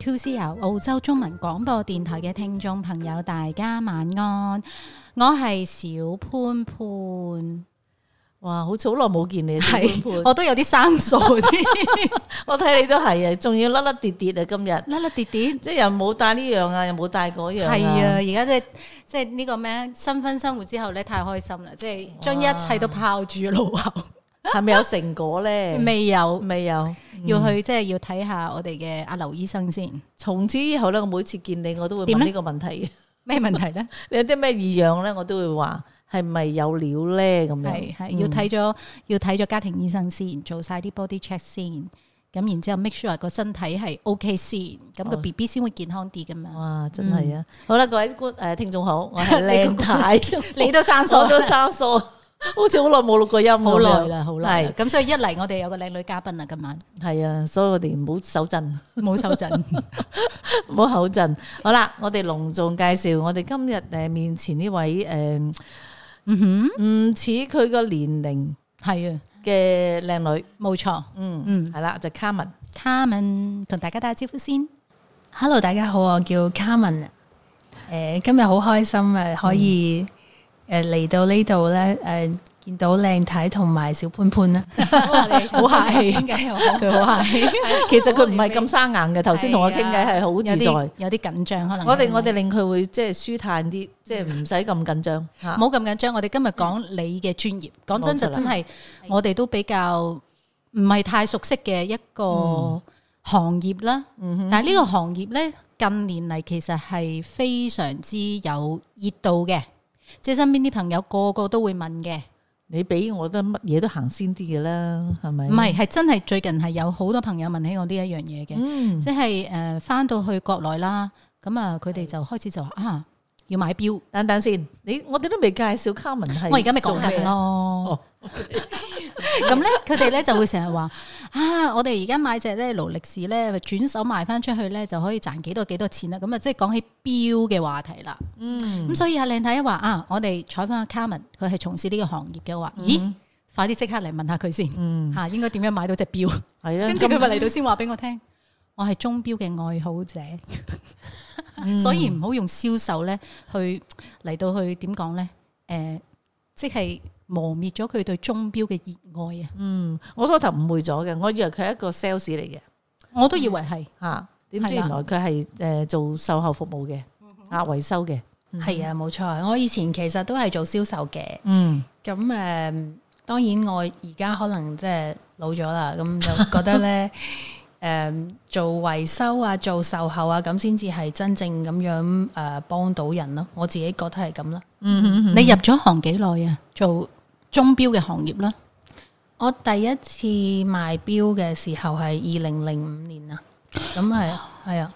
Two C 友，澳洲中文廣播電台嘅聽眾朋友，大家晚安。我係小潘潘。哇，好似好耐冇見你。小潘潘，我都有啲生疏添。我睇你都係啊，仲要甩甩跌跌啊，今日甩甩跌跌，即係又冇戴呢樣啊，又冇戴嗰樣。係啊，而家即係即係呢個咩新婚生活之後咧，太開心啦，即係將一切都拋住腦後。係咪有成果咧？未有，未有，要去即係要睇下我哋嘅阿劉醫生先。從此以後咧，我每次見你，我都會問呢個問題嘅。咩問題咧？你有啲咩異樣咧？我都會話係咪有料咧？咁樣係係要睇咗，要睇咗家庭醫生先，做晒啲 body check 先，咁然之後 make sure 個身體係 OK 先，咁個 B B 先會健康啲咁嘛。哇，真係啊！好啦，各位誒聽眾好，我係靚太，你都生疏，都生疏。好似好耐冇錄過音，好耐啦，好耐啦。咁所以一嚟，我哋有個靚女嘉賓啊，今晚係啊，所以我哋唔好手震，唔好手震，唔好口震。好啦，我哋隆重介紹我哋今日誒面前呢位誒，唔唔似佢個年齡係啊嘅靚女，冇錯，嗯嗯，係啦，就 Carmen，Carmen 同大家打個招呼先。Hello，大家好，我叫 Carmen。誒，今日好開心啊，可以。誒，嚟到呢度咧，誒，見到靚太同埋小潘潘啦，好客氣，點解又佢好客氣？其實佢唔係咁生硬嘅，頭先同我傾偈係好自在，有啲緊張可能。我哋我哋令佢會即係舒坦啲，即係唔使咁緊張，冇咁緊張。我哋今日講你嘅專業，講真就真係我哋都比較唔係太熟悉嘅一個行業啦。嗯，但係呢個行業咧，近年嚟其實係非常之有熱度嘅。即係身邊啲朋友個個都會問嘅，你俾我都乜嘢都行先啲嘅啦，係咪？唔係，係真係最近係有好多朋友問起我呢一樣嘢嘅，嗯、即係誒，翻到去國內啦，咁啊，佢哋就開始就話的啊。要買表，等等先。你我哋都未介紹卡文係，我而家咪講緊咯。咁咧，佢哋咧就會成日話：啊，我哋而家買隻咧勞力士咧，轉手賣翻出去咧，就可以賺幾多幾多錢啦。咁啊，即係講起表嘅話題啦。嗯。咁所以阿靚太一話啊，我哋採訪阿卡文，佢係從事呢個行業嘅話，咦？快啲即刻嚟問下佢先。嗯。嚇，嗯、應該點樣買到隻表？係啦、嗯。跟住佢咪嚟到先話俾我聽， 我係鐘錶嘅愛好者。 嗯、所以唔好用銷售咧，去嚟到去點講咧？誒、呃，即係磨滅咗佢對鐘錶嘅熱愛啊！嗯，我初頭誤會咗嘅，我以為佢係一個 sales 嚟嘅，我都以為係吓，點知、嗯啊、原來佢係誒做售後服務嘅，吓維修嘅。係、嗯、啊，冇錯。我以前其實都係做銷售嘅。嗯，嗯。咁、呃、誒，當然我而家可能即係老咗啦，咁就覺得咧。 誒，做維修啊，做售後啊，咁先至係真正咁樣誒，幫到人咯。我自己覺得係咁啦。嗯嗯。你入咗行幾耐啊？做鐘錶嘅行業啦。我第一次賣表嘅時候係二零零五年啊。咁係啊，係啊。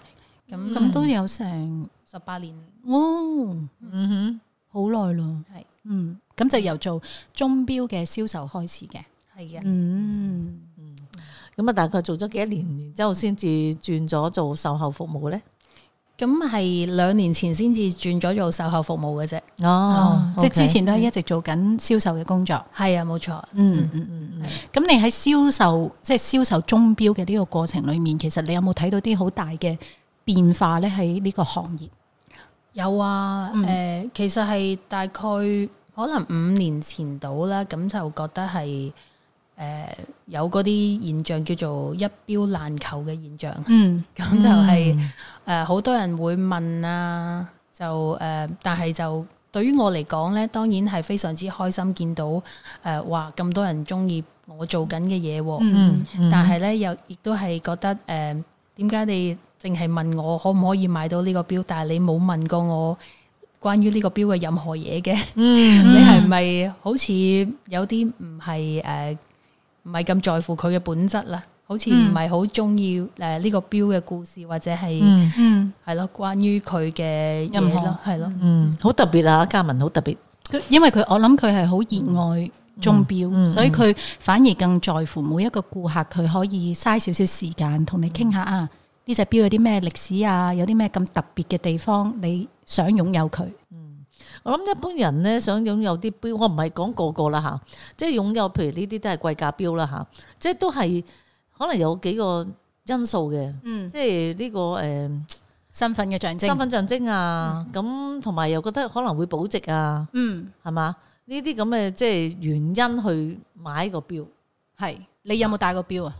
咁咁都有成十八年哦。嗯哼，好耐咯。係。嗯，咁就由做鐘錶嘅銷售開始嘅。係嘅。嗯。咁啊，大概做咗幾多年，然之後先至轉咗做售後服務呢？咁係兩年前先至轉咗做售後服務嘅啫。哦，啊、即係之前都係一直做緊銷售嘅工作。係啊、嗯，冇錯。嗯嗯嗯，咁、嗯、的你喺銷售，即、就、係、是、銷售鐘錶嘅呢個過程裏面，其實你有冇睇到啲好大嘅變化呢？喺呢個行業有啊。誒、嗯呃，其實係大概可能五年前度啦，咁就覺得係。誒、呃，有嗰啲現象叫做一錶難求嘅現象，咁、嗯、就係、是、誒，好、嗯呃、多人會問啊，就誒、呃，但係就對於我嚟講咧，當然係非常之開心見到誒、呃，哇，咁多人中意我做緊嘅嘢，嗯，但係咧又亦都係覺得誒，點、呃、解你淨係問我可唔可以買到呢個錶，但係你冇問過我關於呢個錶嘅任何嘢嘅、嗯，嗯， 你係咪好似有啲唔係誒？唔係咁在乎佢嘅本質啦，好似唔係好中意誒，呢個表嘅故事或者係，係咯，關於佢嘅音樂咯，係咯，嗯，好的、嗯、特別啊，嘉文好特別，因為佢我諗佢係好熱愛鐘表，嗯嗯，所以佢反而更在乎每一個顧客，佢可以嘥少少時間同你傾下、嗯、啊，呢隻表有啲咩歷史啊，有啲咩咁特別嘅地方，你想擁有佢。我諗一般人咧想擁有啲表，我唔係講個個啦吓，即係擁有，譬如呢啲都係貴價表啦吓，即係都係可能有幾個因素嘅，嗯，即係呢、這個誒、呃、身份嘅象徵，身份象徵啊，咁同埋又覺得可能會保值啊，嗯，係嘛，呢啲咁嘅即係原因去買個表，係你有冇戴過表啊？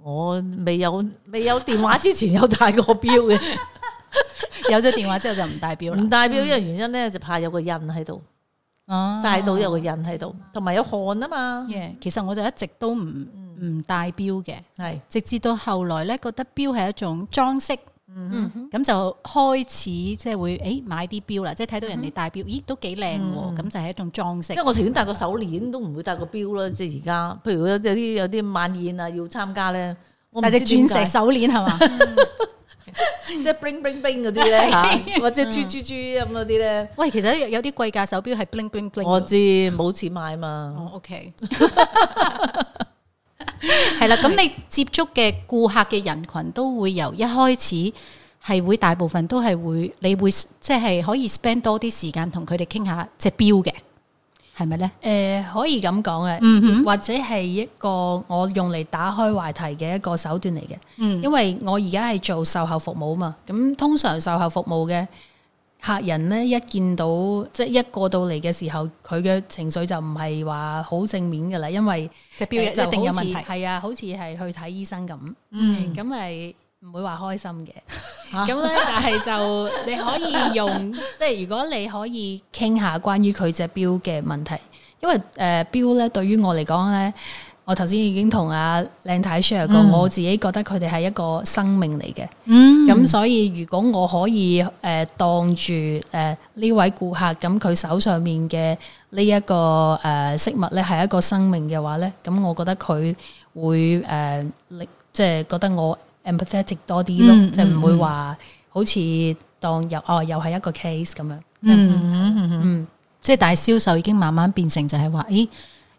我未有未有電話之前有戴過表嘅。有咗電話之後就唔戴表，唔戴表呢個原因咧就怕有個印喺度，曬到有個印喺度，同埋有汗啊嘛。其實我就一直都唔唔戴表嘅，係直至到後來咧覺得表係一種裝飾，咁就開始即係會誒買啲表啦，即係睇到人哋戴表，咦都幾靚喎，咁就係一種裝飾。即係我寧願戴個手鏈都唔會戴個表啦。即係而家，譬如有啲有啲晚宴啊要參加咧，戴隻鑽石手鏈係嘛。 即係 bling bling bling 嗰啲咧吓， 或者珠珠珠咁嗰啲咧。喂，其實有啲貴價手表係 bling bling bling。我知冇錢買嘛。哦，OK，係啦。咁你接觸嘅顧客嘅人群都會由一開始係會大部分都係會，你會即係、就是、可以 spend 多啲時間同佢哋傾下隻表嘅。係咪咧？誒、呃，可以咁講嘅，mm hmm. 或者係一個我用嚟打開話題嘅一個手段嚟嘅。嗯、mm，hmm. 因為我而家係做售後服務嘛，咁通常售後服務嘅客人咧，一見到即係一過到嚟嘅時候，佢嘅情緒就唔係話好正面噶啦，因為隻表嘢一定有問題。係啊，好似係去睇醫生咁，mm hmm. 嗯，咁係唔會話開心嘅。 咁咧，啊、但係就你可以用， 即係如果你可以傾下關於佢隻表嘅問題，因為誒，表咧對於我嚟講咧，我頭先已經同阿靚太 share 過，Sh 說嗯、我自己覺得佢哋係一個生命嚟嘅，嗯，咁所以如果我可以誒、呃、當住誒呢位顧客，咁佢手上面嘅、這個呃、呢一個誒飾物咧係一個生命嘅話咧，咁我覺得佢會誒、呃，即係覺得我。emphasis 多啲咯，就唔、嗯嗯、會話好似當又哦又係一個 case 咁樣。嗯嗯，嗯即係但係銷售已經慢慢變成就係話，誒、欸，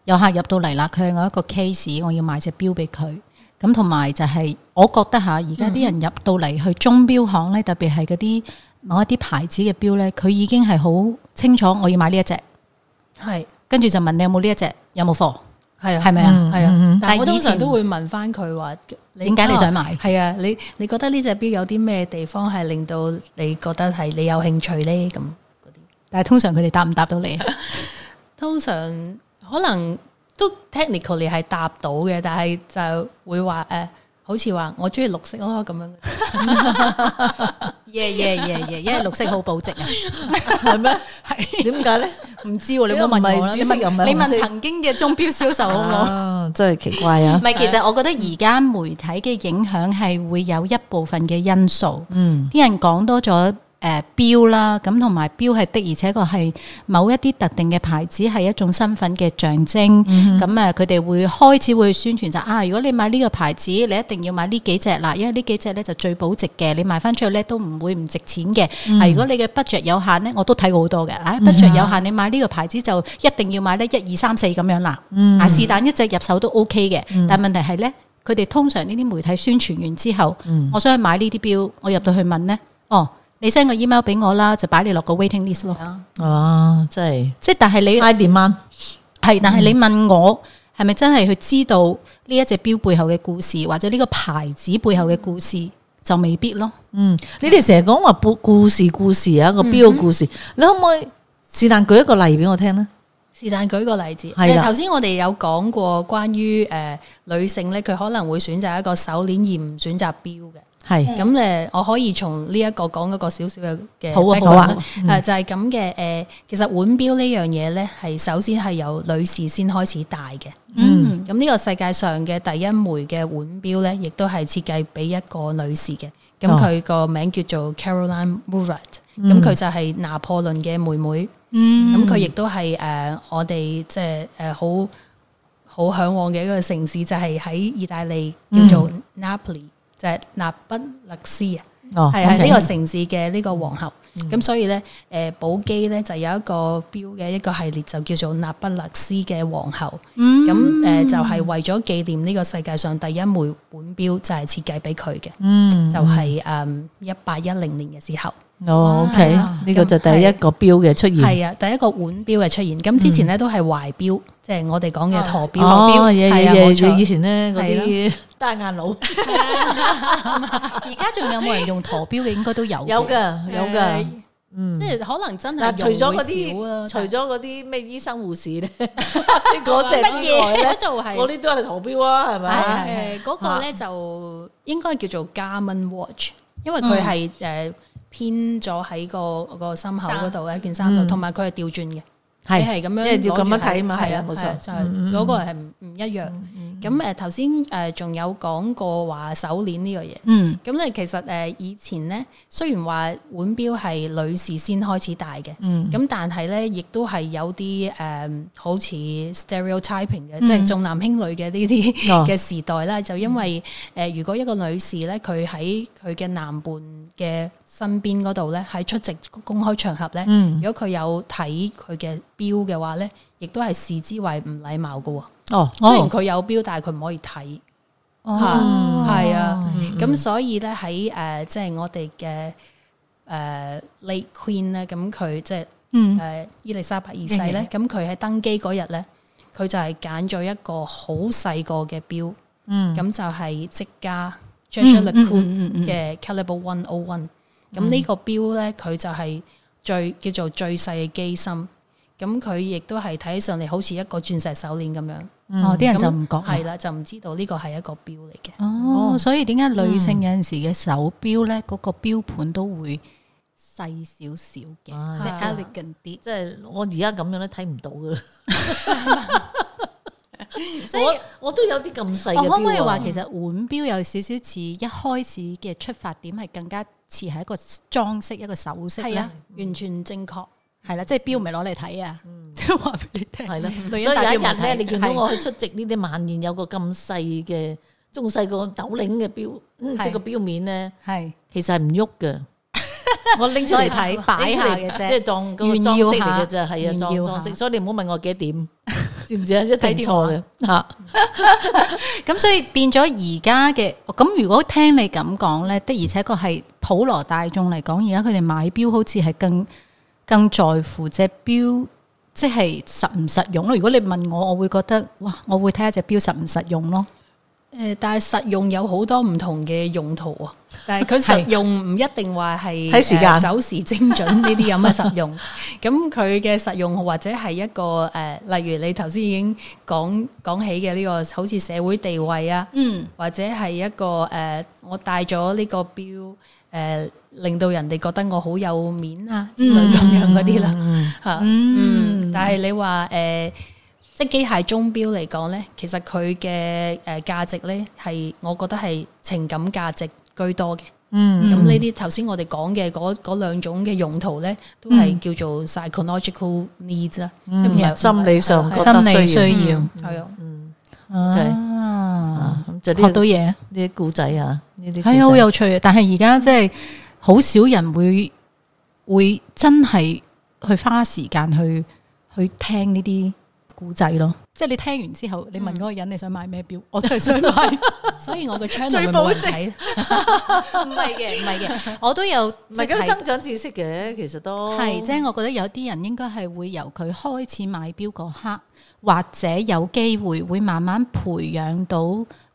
有客入到嚟啦，佢係一個 case，我要賣隻表俾佢。咁同埋就係，我覺得吓，而家啲人入到嚟去鐘表行咧，特別係嗰啲某一啲牌子嘅表咧，佢已經係好清楚我要買呢一隻，係、嗯、跟住就問你有冇呢一隻，有冇貨？係啊，係咪啊？係啊，但係我通常前都會問翻佢話點解你想買？係、哦、啊，你你覺得呢隻表有啲咩地方係令到你覺得係你有興趣咧？咁嗰啲，但係通常佢哋答唔答到你？ 通常可能都 technically 係答到嘅，但係就會話，誒。啊好似話我中意綠色咯咁樣嘅。Yeah yeah yeah yeah，因為綠色好保值啊，係咩？係點解咧？唔知這個 你冇問我啦、啊，你問曾經嘅鐘錶銷售好冇？ 啊，真係奇怪啊！唔係，其實我覺得而家媒體嘅影響係會有一部分嘅因素，嗯，啲人講多咗。誒，表啦、呃，咁同埋表係的，而且個係某一啲特定嘅牌子，係一種身份嘅象徵。咁誒、mm，佢、hmm. 哋會開始會宣傳就啊，如果你買呢個牌子，你一定要買呢幾隻啦，因為呢幾隻咧就最保值嘅，你賣翻出去咧都唔會唔值錢嘅、mm hmm. 啊。如果你嘅 budget 有限呢，我都睇過好多嘅。啊，budget 有限，你買呢個牌子就一定要買得、mm hmm. 一二三四咁樣啦。嗱，是但一隻入手都 OK 嘅，mm hmm. 但問題係呢，佢哋通常呢啲媒體宣傳完之後，mm hmm. 我想去買呢啲表，我入到去問呢。哦。你 send 個 email 俾我啦，就擺你落個 waiting list 咯。哦、啊，真係。即係但係你，係 I demand. 但係你問我係咪真係去知道呢一隻表背後嘅故事，或者呢個牌子背後嘅故事就未必咯。嗯，你哋成日講話故事故事啊，一個表故事，嗯、哼你可唔可以是但舉一個例俾我聽咧？是但舉個例子，係啦的。頭先我哋有講過關於誒、呃、女性咧，佢可能會選擇一個手鏈而唔選擇表嘅。係咁咧，是我可以從呢一個講一個少少嘅嘅背景好，誒，嗯、就係咁嘅。誒、呃，其實腕表呢樣嘢咧，係首先係由女士先開始戴嘅。嗯。咁呢個世界上嘅第一枚嘅腕表咧，亦都係設計俾一個女士嘅。咁佢個名叫做 Caroline Murat、嗯。咁佢、嗯、就係拿破崙嘅妹妹。嗯。咁佢亦都係誒，我哋即係誒，好、呃、好向往嘅一個城市，就係、是、喺意大利叫做 Napoli。就係納不勒斯啊，係係呢個城市嘅呢個皇后，咁、mm hmm. 所以咧，誒寶璣咧就有一個表嘅一個系列就叫做納不勒斯嘅皇后，咁誒、mm hmm. 就係為咗紀念呢個世界上第一枚腕表就係設計俾佢嘅，mm hmm. 就係誒一八一零年嘅時候。哦，OK，呢個就第一個表嘅出現，係啊，第一個腕表嘅出現。咁之前咧都係懷表，即係我哋講嘅陀表。哦，嘢、嘢、嘢，以前咧嗰啲戴眼佬，而家仲有冇人用陀表嘅？應該都有。有㗎，有㗎，即係可能真係除咗嗰啲，除咗嗰啲咩醫生護士咧，乜嘢咧就係嗰啲都係陀表啊，係咪啊？嗰個咧就應該叫做 Garmin Watch，因為佢係誒。偏咗喺個個心口度嘅一件衫度，同埋佢係調轉嘅，係係咁樣，照咁樣睇嘛，係啊，冇錯，就係、啊嗯、個人係唔唔一樣。嗯嗯咁誒頭先誒仲有講過話手鏈呢個嘢，嗯，咁咧、呃嗯、其實誒、呃、以前咧雖然話腕錶係女士先開始戴嘅，嗯，咁但係咧亦都係有啲誒、呃、好似 stereotype 嘅，即係重男輕女嘅呢啲嘅時代啦。就因為誒、呃、如果一個女士咧，佢喺佢嘅男伴嘅身邊嗰度咧，喺出席公開場合咧，如果佢有睇佢嘅錶嘅話咧，亦都係視之為唔禮貌㗎喎。哦，oh, oh. 雖然佢有錶，但係佢唔可以睇。哦，係啊，咁、啊 mm hmm. 所以咧喺誒，即係、呃就是、我哋嘅誒，Late Queen 咧，咁佢即係誒伊麗莎白二世咧，咁佢喺登基嗰日咧，佢就係揀咗一個好細個嘅錶。咁、mm hmm. 就係積家 Jaeger-LeCoultre 嘅 Calibre One O One。咁、hmm. mm hmm. 呢個錶咧，佢就係最叫做最細嘅機芯。咁佢亦都係睇上嚟好似一個鑽石手鏈咁樣，哦、啲、嗯、人就唔覺係啦，就唔知道呢個係一個表嚟嘅。哦，所以點解女性有陣時嘅手表咧，嗰、那個表盤都會細少少嘅，即係 elegant 啲。即係我而家咁樣都睇唔到噶啦。所以我，我都有啲咁細。我可唔可以話，其實腕表有少少似一開始嘅出發點，係更加似係一個裝飾，一個首飾。係啊，完全正確。係啦，即係錶咪攞嚟睇啊！即係話俾你聽係啦，如果有一日咧，你見到我去出席呢啲晚宴，有個咁細嘅，仲細個斗零嘅錶，即係個錶面咧，係其實係唔喐嘅。我拎出嚟睇擺下嘅啫，即係當個裝飾嚟嘅啫，係啊，裝飾。所以你唔好問我幾多點，知唔知啊？一定錯嘅吓。咁所以變咗而家嘅咁，如果聽你咁講咧，的而且確係普羅大眾嚟講，而家佢哋買錶好似係更。更在乎隻表即係實唔實用咯。如果你問我，我會覺得哇，我會睇下隻表實唔實用咯。誒，但係實用有好多唔同嘅用途啊。但係佢實用唔一定話係睇時間走時精準呢啲咁嘅實用。咁佢嘅實用或者係一個誒，例如你頭先已經講講起嘅呢個，好似社會地位啊，嗯，或者係一個誒，我帶咗呢個表誒。令到人哋覺得我好有面啊之類咁樣嗰啲啦吓，但係你話誒、呃，即係機械鐘表嚟講咧，其實佢嘅誒價值咧係我覺得係情感價值居多嘅。嗯、mm，咁呢啲頭先我哋講嘅嗰嗰兩種嘅用途咧，都係叫做 psychological needs 啊、mm，hmm。嗯、心理上心理需要係、嗯嗯 okay。啊，啊就、這個、學到嘢呢啲古仔啊，呢啲係好有趣啊！但係而家即係。好少人會會真係去花時間去去聽呢啲古仔咯，即係你聽完之後，你問嗰個人你想買咩表，嗯、我都係想買， 所以我嘅 channel 最保值，唔係嘅，唔係嘅，我都有，即係增長知識嘅，其實都係，即係我覺得有啲人應該係會由佢開始買表嗰刻，或者有機會會慢慢培養到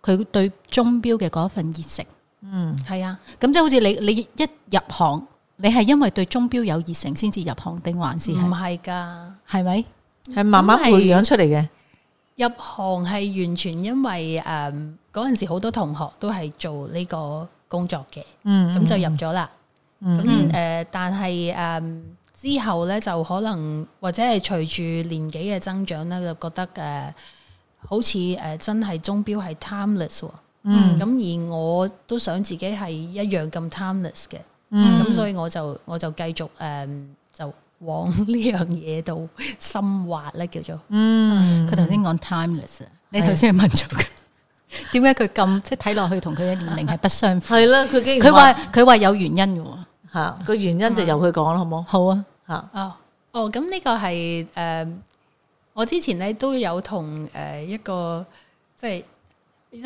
佢對鐘表嘅嗰一份熱誠。嗯，係啊，咁即係好似你你一入行，你係因為對鐘表有熱誠先至入行，定還是唔係噶？係咪係慢慢培養出嚟嘅？入行係完全因為誒嗰陣時好多同學都係做呢個工作嘅，嗯，嗯，嗯，咁就入咗啦。咁誒、嗯嗯呃，但係誒、呃、之後呢，就可能或者係隨住年紀嘅增長呢，就覺得誒、呃、好似誒真係鐘表係 timeless。嗯，咁而我都想自己係一樣咁 timeless 嘅，嗯，咁所以我就我就繼續誒，就往呢樣嘢度深挖咧，叫做，嗯，佢頭先講 timeless，你頭先係問咗佢，點解佢咁即係睇落去同佢嘅年齡係不相符？係啦，佢佢話佢話有原因㗎，吓個原因就由佢講啦，好冇？好啊，吓啊，哦，咁呢個係誒，我之前咧都有同誒一個即係。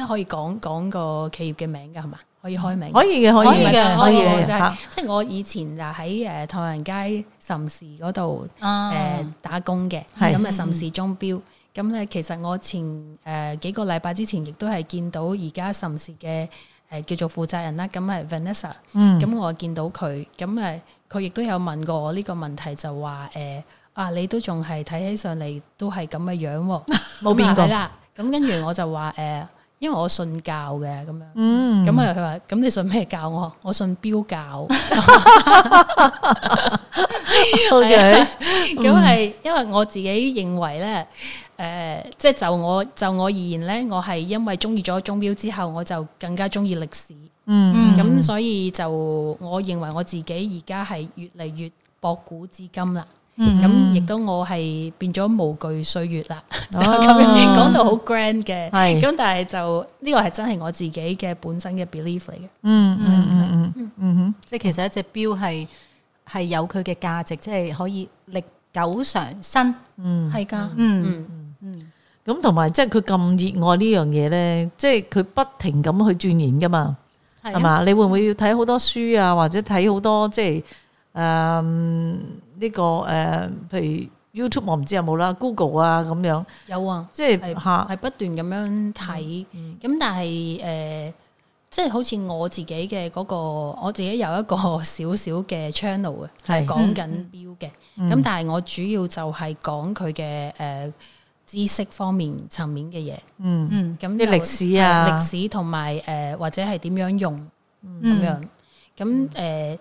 可以講講個企業嘅名噶，係嘛？可以開名？可以可以嘅、哦，可以嘅，可以、就是。即係即係我以前就喺誒唐人街岑氏嗰度誒打工嘅，咁啊岑氏鐘錶。咁咧其實我前誒幾個禮拜之前，亦都係見到而家岑氏嘅誒叫做負責人啦。咁、嗯、啊 Vanessa，咁我見到佢，咁啊佢亦都有問過我呢個問題，就話誒啊你都仲係睇起上嚟都係咁嘅樣，樣，冇變過啦。咁跟住我就話誒。啊因為我信教嘅咁樣，咁啊佢話咁你信咩教我？我信表教，OK。咁係因為我自己認為咧，誒、嗯，即係、呃就是、就我就我而言咧，我係因為中意咗鐘表之後，我就更加中意歷史。嗯，咁所以就我認為我自己而家係越嚟越博古至今啦。咁亦都我係變咗無懼歲月啦，咁講到好 grand 嘅，咁但係就呢個係真係我自己嘅本身嘅 belief 嚟嘅。嗯嗯嗯嗯嗯哼，即係其實一隻表係係有佢嘅價值，即係可以歷久常新。嗯，係噶。嗯嗯嗯，咁同埋即係佢咁熱愛呢樣嘢咧，即係佢不停咁去鑽研噶嘛，係嘛？你會唔會要睇好多書啊，或者睇好多即係？誒，呢個誒，譬如 YouTube 我唔知有冇啦，Google 啊咁樣，有啊，即係吓係不斷咁樣睇，咁但係誒，即係好似我自己嘅嗰個，我自己有一個小小嘅 channel 嘅，係講緊表嘅，咁但係我主要就係講佢嘅誒知識方面層面嘅嘢，嗯，咁啲歷史啊，歷史同埋誒或者係點樣用咁樣，咁誒。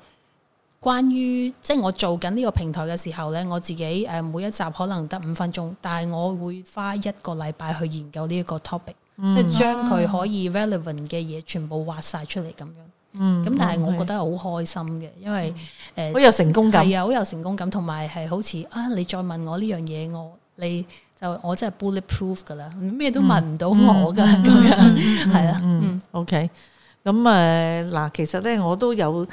關於即係我做緊呢個平台嘅時候呢，我自己誒每一集可能得五分鐘，但係我會花一個禮拜去研究呢一個 topic，即係將佢可以 relevant 嘅嘢全部畫晒出嚟咁樣。嗯，咁但係我覺得好開心嘅，因為誒好有成功感係啊，好、嗯呃、有成功感，同埋係好似啊你再問我呢樣嘢我你就我真係 bulletproof 噶啦，咩都問唔到我噶咁、嗯、樣係、嗯嗯、 啊，嗯，OK。咁誒嗱，其實咧我都有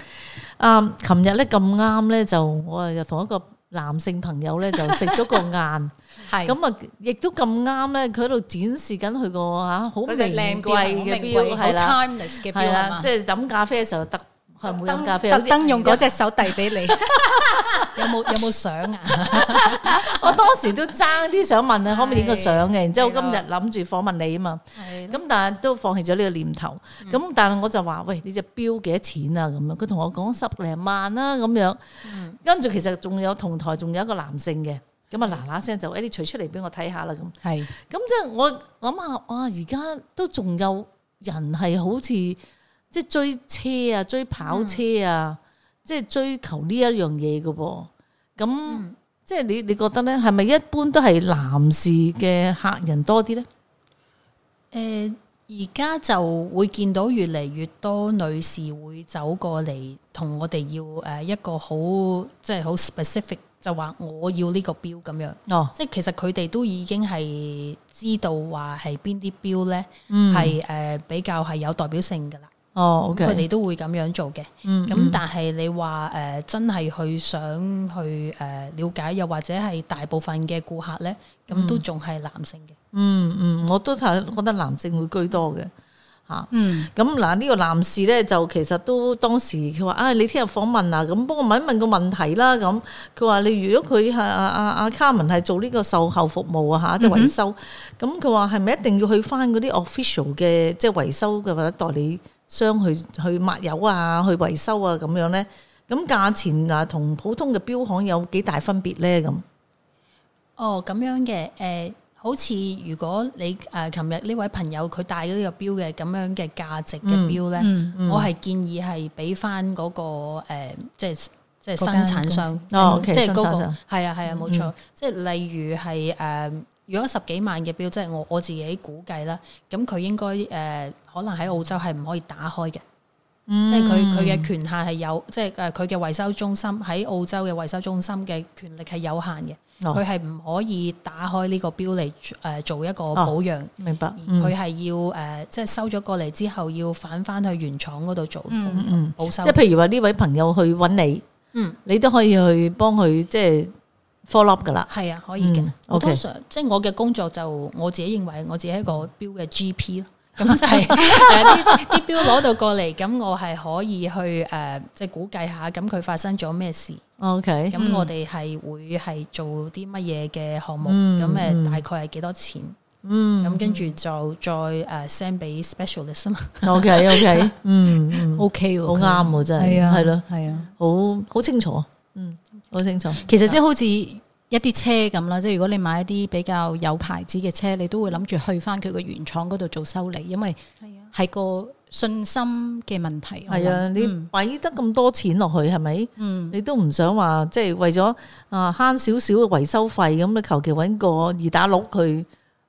啊，琴日咧咁啱咧就我啊又同一個男性朋友咧就食咗個晏。係咁啊，亦都咁啱咧，佢喺度展示緊佢個嚇好名貴嘅表，係啦，即係飲咖啡嘅時候就得。唔會飲咖啡，特登用嗰隻手遞俾你，有冇有冇相啊？我當時都爭啲想問啊，可唔可以影個相嘅？然之後今日諗住訪問你啊嘛，咁但係都放棄咗呢個念頭。咁但係我就話：喂，你隻錶幾多錢啊？咁樣佢同我講十零萬啦，咁樣。跟住其實仲有同台仲有一個男性嘅，咁啊嗱嗱聲就誒，你除出嚟俾我睇下啦，咁。係。咁即係我諗下啊，而家都仲有人係好似。即係追車啊，追跑車啊，嗯、即係追求呢一樣嘢嘅噃。咁、嗯、即係你你覺得咧，係咪一般都係男士嘅客人多啲咧？誒、呃，而家就會見到越嚟越多女士會走過嚟同我哋要誒一個好即係好 specific，就話我要呢個錶咁樣。哦，即係其實佢哋都已經係知道話係邊啲錶咧，係誒、嗯呃、比較係有代表性噶啦。哦，佢哋、oh, okay, 都會咁樣做嘅。咁、嗯、但係你話誒，uh, 真係去想去誒了解，又或者係大部分嘅顧客咧，咁都仲係、嗯、男性嘅、嗯。嗯嗯，我都睇、嗯、覺得男性會居多嘅。吓，嗯。咁嗱，呢個男士咧，就其實都當時佢話啊，你聽日訪問啊，咁幫我問一問個問題啦。咁佢話你如果佢係阿阿阿卡文係做呢個售後服務啊，吓即係維修，咁佢話係咪一定要去翻嗰啲 official 嘅即係維修嘅或者代理？商去去抹油啊，去維修啊，咁樣咧，咁價錢啊，同普通嘅錶行有幾大分別咧？咁，哦，咁樣嘅，誒、呃，好似如果你誒，琴日呢位朋友佢戴咗呢個錶嘅咁樣嘅價值嘅錶咧，嗯嗯嗯、我係建議係俾翻嗰個誒、呃，即係即係生產商哦，okay, 即係嗰、嗰個係啊係啊，冇錯、啊，即係、嗯嗯、例如係誒。呃如果十幾萬嘅錶，即係我我自己估計啦，咁佢應該誒、呃、可能喺澳洲係唔可以打開嘅，嗯、即係佢佢嘅權限係有，即係誒佢嘅維修中心喺澳洲嘅維修中心嘅權力係有限嘅，佢係唔可以打開呢個錶嚟誒做一個保養、哦。明白，佢、嗯、係要誒、呃、即係收咗過嚟之後要返翻去原廠嗰度做保嗯保修、嗯嗯。即係譬如話呢位朋友去揾你，嗯，你都可以去幫佢即係。follow up 噶啦、mm，係、hmm. 啊，可以嘅。我通常即係我嘅工作就我自己認為我自己係一個表嘅 G P 咯，咁就啲表攞到過嚟，咁我係可以去誒，即係估計下，咁佢發生咗咩事。OK，咁我哋係會係做啲乜嘢嘅項目，咁誒大概係幾多錢？嗯，咁跟住就再誒 send 俾 specialist 啊嘛。OK，OK，嗯，OK，好啱喎，真係係咯，係啊，好好清楚，嗯。好清楚，其實即係好似一啲車咁啦，即係如果你買一啲比較有牌子嘅車，你都會諗住去返佢個原廠嗰度做修理，因為係啊係個信心嘅問題。係啊，你唔俾得咁多錢落去，係咪？嗯，嗯，你都唔想話即係為咗啊慳少少嘅維修費咁你求其搵個二打六佢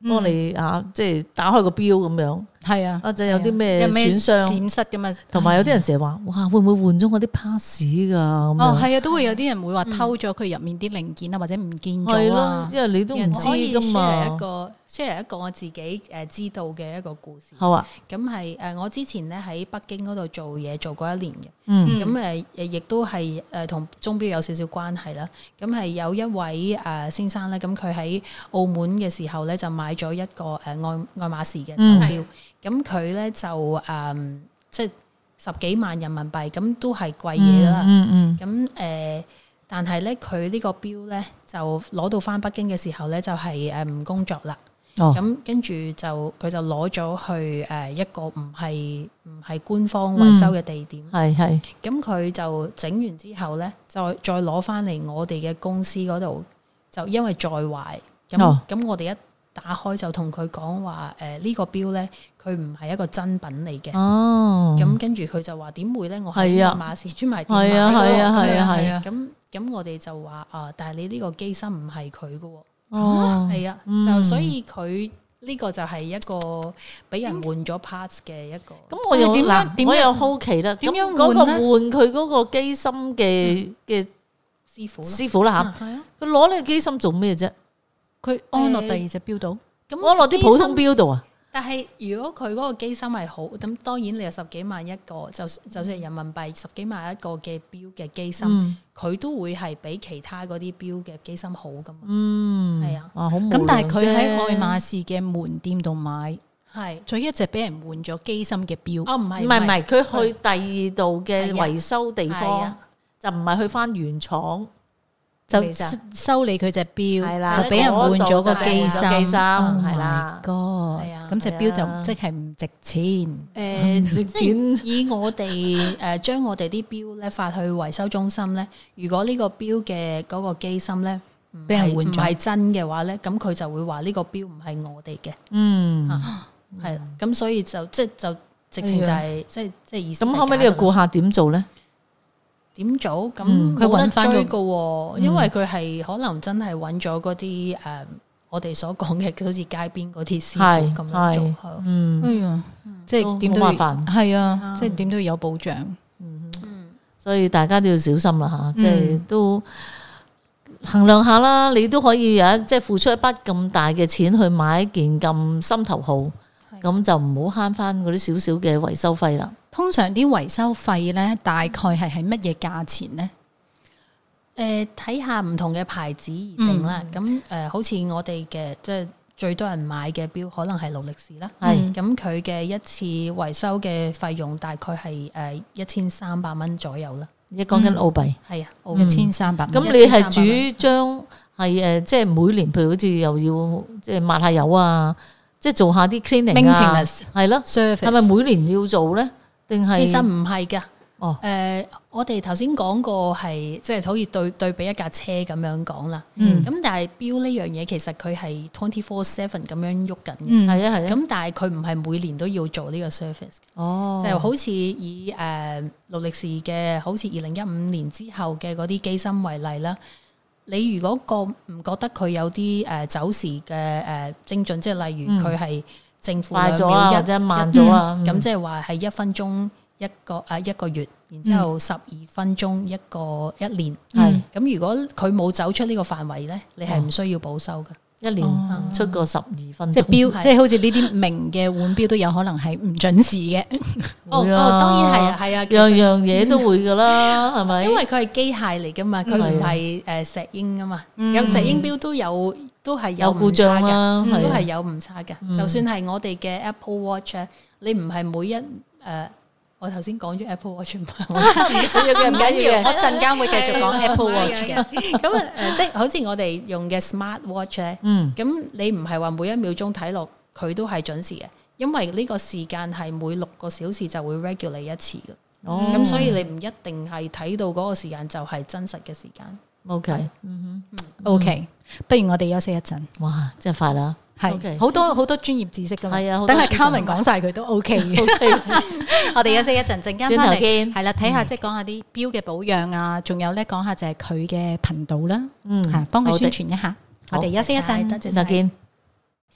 幫你、嗯、啊，即係打開個錶咁樣。係啊，或者有啲咩損傷損、啊、失咁嘛，同埋有啲人成日話：哇，會唔會換咗我啲 pass 噶？哦，係啊，都會有啲人會話、嗯、偷咗佢入面啲零件啊，或者唔見咗。係咯，啊，因為你都唔知㗎嘛。我可以 share 一個，share 一個我自己誒知道嘅一個故事。好啊，咁係誒，我之前咧喺北京嗰度做嘢做過一年嘅，咁誒亦都係誒同鐘錶有少少關係啦。咁係有一位誒先生咧，咁佢喺澳門嘅時候咧就買咗一個誒愛愛馬仕嘅鐘錶。嗯。咁佢呢就誒，即係十幾萬人民幣，咁都係貴嘢啦。嗯嗯。咁誒、嗯，嗯嗯、但係呢，佢呢個錶呢就攞到翻北京嘅時候呢，就係誒唔工作啦。哦。咁跟住就佢就攞咗去誒一個唔係唔係官方維修嘅地點。係係、嗯。咁佢就整完之後呢，再再攞翻嚟我哋嘅公司嗰度，就因為再壞，咁咁、哦、我哋一。打開就同佢講話，誒呢個表咧，佢唔係一個真品嚟嘅。哦，咁跟住佢就話點會咧？我係馬士專賣店買嘅。係啊，係啊，係啊，係啊。咁咁，我哋就話啊，但係你呢個機芯唔係佢嘅。哦，係啊，就所以佢呢個就係一個俾人換咗 parts 嘅一個。咁我又點？我又好奇啦。咁樣換個換佢嗰個機芯嘅嘅師傅師傅啦吓。佢攞你個機芯做咩啫？佢安落第二隻表度，安落啲普通表度啊！但係如果佢嗰個機芯係好，咁當然你有十幾萬一個，就就算人民幣十幾萬一個嘅表嘅機芯，佢都會係比其他嗰啲表嘅機芯好噶嘛？嗯，係啊，咁但係佢喺愛馬仕嘅門店度買，係仲一直俾人換咗機芯嘅表哦，唔係唔係唔係，佢去第二度嘅維修地方，就唔係去翻原廠。就收收你佢隻表，就俾人換咗個機芯。機芯，係啊。咁隻表就即係唔值錢。誒，值錢。以我哋誒，將我哋啲表咧發去維修中心咧，如果呢個表嘅嗰個機芯咧，俾人換咗唔係真嘅話咧，咁佢就會話呢個表唔係我哋嘅。嗯，係啦。咁所以就即係就直情就係即即意思。咁後尾呢個顧客點做咧？點做，咁冇得追嘅，因為佢係可能真係揾咗嗰啲誒，我哋所講嘅好似街邊嗰啲師傅咁樣做，嗯，哎呀，即係點都麻煩係啊，即係點都要有保障，所以大家都要小心啦吓，即係都衡量下啦，你都可以有即係付出一筆咁大嘅錢去買一件咁心頭好，咁就唔好慳翻嗰啲少少嘅維修費啦。通常啲維修費咧，大概係係乜嘢價錢咧？誒，睇下唔同嘅牌子而定啦。咁誒、嗯嗯，好似我哋嘅即係最多人買嘅表，可能係勞力士啦。係咁是，佢嘅、嗯、一次維修嘅費用大概係誒一千三百蚊左右啦。一講緊澳幣，係啊、嗯，一千三百。咁、嗯嗯、你係主張係誒，即係、呃就是、每年譬如好似又要即係抹下油啊，即係、就是、做下啲 cleaning 啊，係咯 service 係咪每年要做咧？對 是定係其實唔係噶，哦，誒、呃，我哋頭先講過係，即、就、係、是、好似對對比一架車咁樣講啦，嗯，咁但係表呢樣嘢其實佢係 twenty four seven 咁樣喐緊嘅，係啊係，咁但係佢唔係每年都要做呢個 service，哦，就好似以誒勞、呃、力士嘅，好似二零一五年之後嘅嗰啲機芯為例啦，你如果覺唔覺得佢有啲誒、呃、走時嘅誒精準，即係例如佢係。嗯政府 1, 快咗啊，或者慢咗啊，咁即係話，係一，嗯，一分鐘一個啊、嗯、一個月，然之後十二分鐘一個、嗯、一年，係咁是如果佢冇走出呢個範圍咧，你係唔需要保修噶嗯一年出個十二分即係表，即係好似呢啲明嘅腕表都有可能係唔準時嘅。哦哦，當然係啊，係啊，樣樣嘢都會噶啦，係咪？因為佢係機械嚟噶嘛，佢唔係誒石英噶嘛，有石英表都有，都係有故障噶，都係有誤差嘅。就算係我哋嘅 Apple Watch，你唔係每一誒。我頭先講咗 Apple Watch，唔緊 要緊， 要緊我陣間會繼續講 Apple Watch 嘅。咁誒、 呃，即係好似我哋用嘅 Smart Watch 咧、嗯，咁你唔係話每一秒鐘睇落佢都係準時嘅，因為呢個時間係每六個小時就會 regular 一次嘅。哦，咁所以你唔一定係睇到嗰個時間就係真實嘅時間。O Okay . K，嗯哼，O K，不如我哋休息一陣。哇，真係快啦！係，好多好多專業知識噶嘛。係啊，等阿卡文講晒佢都 OK 嘅。我哋休息一陣，陣間翻嚟。係啦，睇下即係講下啲表嘅保養啊，仲有咧講下就係佢嘅頻道啦。嗯，吓幫佢宣傳一下。我哋休息一陣，陣頭見。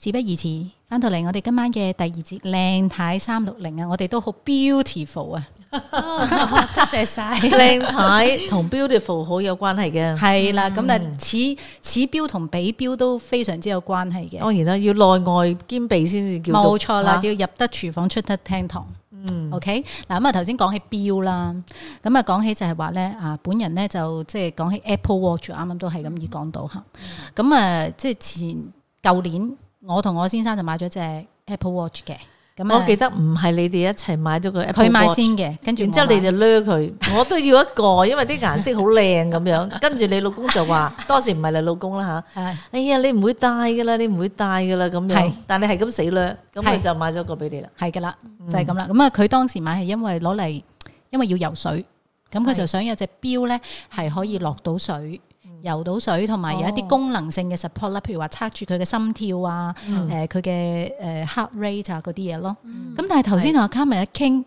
事不宜遲，翻到嚟我哋今晚嘅第二節靚太三六零啊！我哋都好 beautiful 啊！ 多謝晒靚牌同 beautiful 好有關係嘅，係啦的。咁啊，嗯，此此錶同彼錶都非常之有關係嘅。當然啦，要內外兼備先至叫冇錯啦，錯啊，要入得廚房出得廳堂。嗯，OK 嗯。嗱咁啊，頭先講起表啦，咁啊，講起就係話咧啊，本人咧就即係講起 Apple Watch，啱啱都係咁已講到吓。咁啊，嗯，即係，就是、前舊年我同我先生就買咗隻 Apple Watch 嘅。我記得唔係你哋一齊買咗個 Apple Watch，佢買先嘅，跟住然之後你就掠佢，我都要一個，因為啲顏色好靚咁樣。跟住你老公就話，當時唔係你老公啦嚇，哎呀你唔會戴嘅啦，你唔會戴嘅啦咁樣。但你係咁死掠，咁佢就買咗個俾你啦。係嘅啦，就係咁啦。咁啊，佢當時買係因為攞嚟，因為要游水，咁佢就想有隻錶咧係可以落到水。游到水同埋有一啲功能性嘅 support 啦，譬如話測住佢嘅心跳啊，誒佢嘅誒 heart rate 啊嗰啲嘢咯。咁但係頭先阿卡 a 一傾，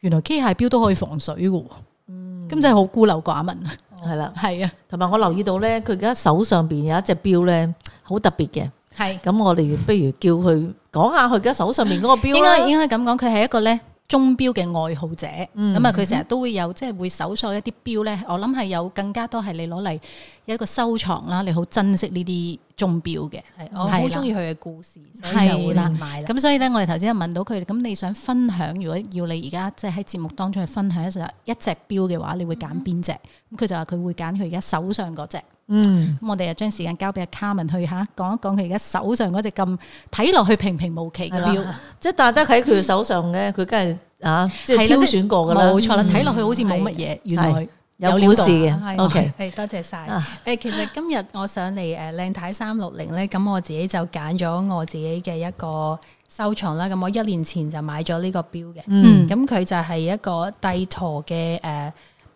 原來機械錶都可以防水嘅，咁真係好孤陋寡聞啊！係啦，係啊，同埋我留意到咧，佢而家手上邊有一隻錶咧，好特別嘅。係，咁我哋不如叫佢講下佢而家手上邊嗰個錶，應該應該咁講，佢係一個咧。鐘錶嘅愛好者，咁啊佢成日都會有，即係會搜索一啲錶咧。我諗係有更加多係你攞嚟一個收藏啦，你好珍惜呢啲鐘錶嘅。係，我好中意佢嘅故事，係啦，所以會買啦。咁所以咧，我哋頭先就問到佢，咁你想分享，如果要你而家即係喺節目當中去分享一隻一隻錶嘅話，你會揀邊隻？咁佢、嗯、就話佢會揀佢而家手上嗰隻。嗯，咁我哋又將時間交俾阿 Carmen 去吓講一講佢而家手上嗰隻咁睇落去平平無奇嘅表，即係戴得喺佢手上咧，佢梗係啊即係挑選過噶啦，冇錯啦，睇落去好似冇乜嘢，原來有料事嘅。OK，係多謝晒。誒，其實今日我上嚟誒，靚太三六零咧，咁我自己就揀咗我自己嘅一個收藏啦。咁我一年前就買咗呢個表嘅，嗯，咁佢就係一個帝陀嘅誒。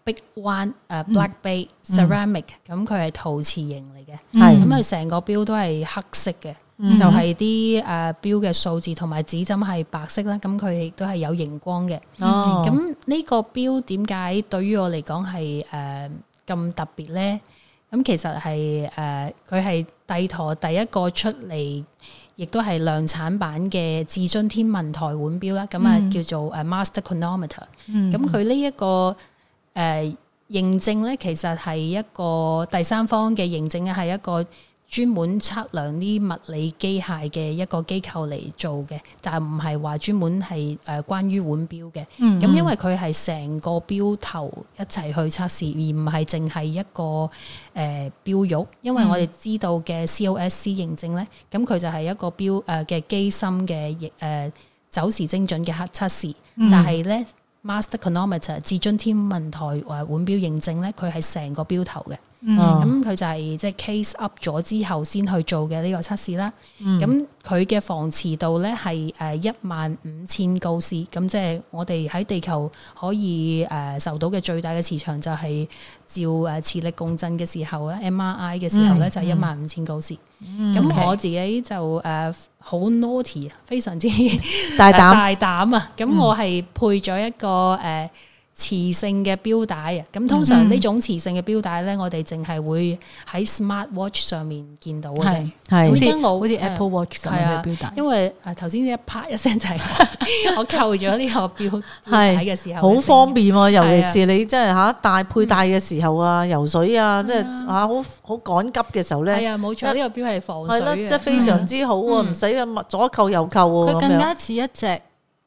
Big One 誒，Black Bay Ceramic，咁佢係、mm. 陶瓷型嚟嘅，係咁佢成個表都係黑色嘅，mm. 就係啲誒表嘅數字同埋指針係白色啦，咁佢亦都係有熒光嘅。哦、oh. 嗯，咁、呃、呢個表點解對於我嚟講係誒咁特別咧？咁、嗯、其實係誒佢係帝舵第一個出嚟，亦都係量產版嘅至尊天文台腕表啦。咁、嗯、啊、嗯、叫做誒 Master Chronometer，咁佢呢、mm. 一、嗯這個。誒、呃、認證咧，其實係一個第三方嘅認證嘅，係一個專門測量呢物理機械嘅一個機構嚟做嘅，但係唔係話專門係誒關於腕錶嘅。咁、嗯嗯、因為佢係成個錶頭一齊去測試，而唔係淨係一個誒、呃、錶玉。因為我哋知道嘅 COSC 認證咧，咁佢、嗯、就係一個錶誒嘅機芯嘅誒走時精準嘅測試，但係咧。嗯 Master Chronometer 至尊天文台誒腕錶認證咧，佢係成個錶頭嘅，咁佢、嗯嗯嗯、就係即係 case up 咗之後先去做嘅呢個測試啦。咁佢嘅防磁度咧係誒一萬五千高斯，咁即係我哋喺地球可以誒、啊、受到嘅最大嘅磁場就係照誒磁力共振嘅時候咧，MRI 嘅時候咧、嗯嗯、就係一萬五千高斯。咁、嗯 okay。我自己就誒。啊好 naughty 啊，na y，非常之大膽膽 大膽啊！咁我係配咗一個誒。嗯呃磁性嘅表帶啊，咁通常呢種磁性嘅表帶咧，我哋淨係會喺 Smart Watch 上面見到嘅啫，好似 Apple Watch 咁嘅表帶。因為誒頭先一拍一聲就係我扣咗呢個表帶嘅時候，好方便喎、啊。尤其是你真係吓戴，佩戴嘅時候啊，啊游水啊，即係吓好好趕急嘅時候咧，係啊冇錯，呢、這個錶係防水嘅、啊，即係非常之好啊，唔使咁乜左扣右扣、啊，佢更加似一隻。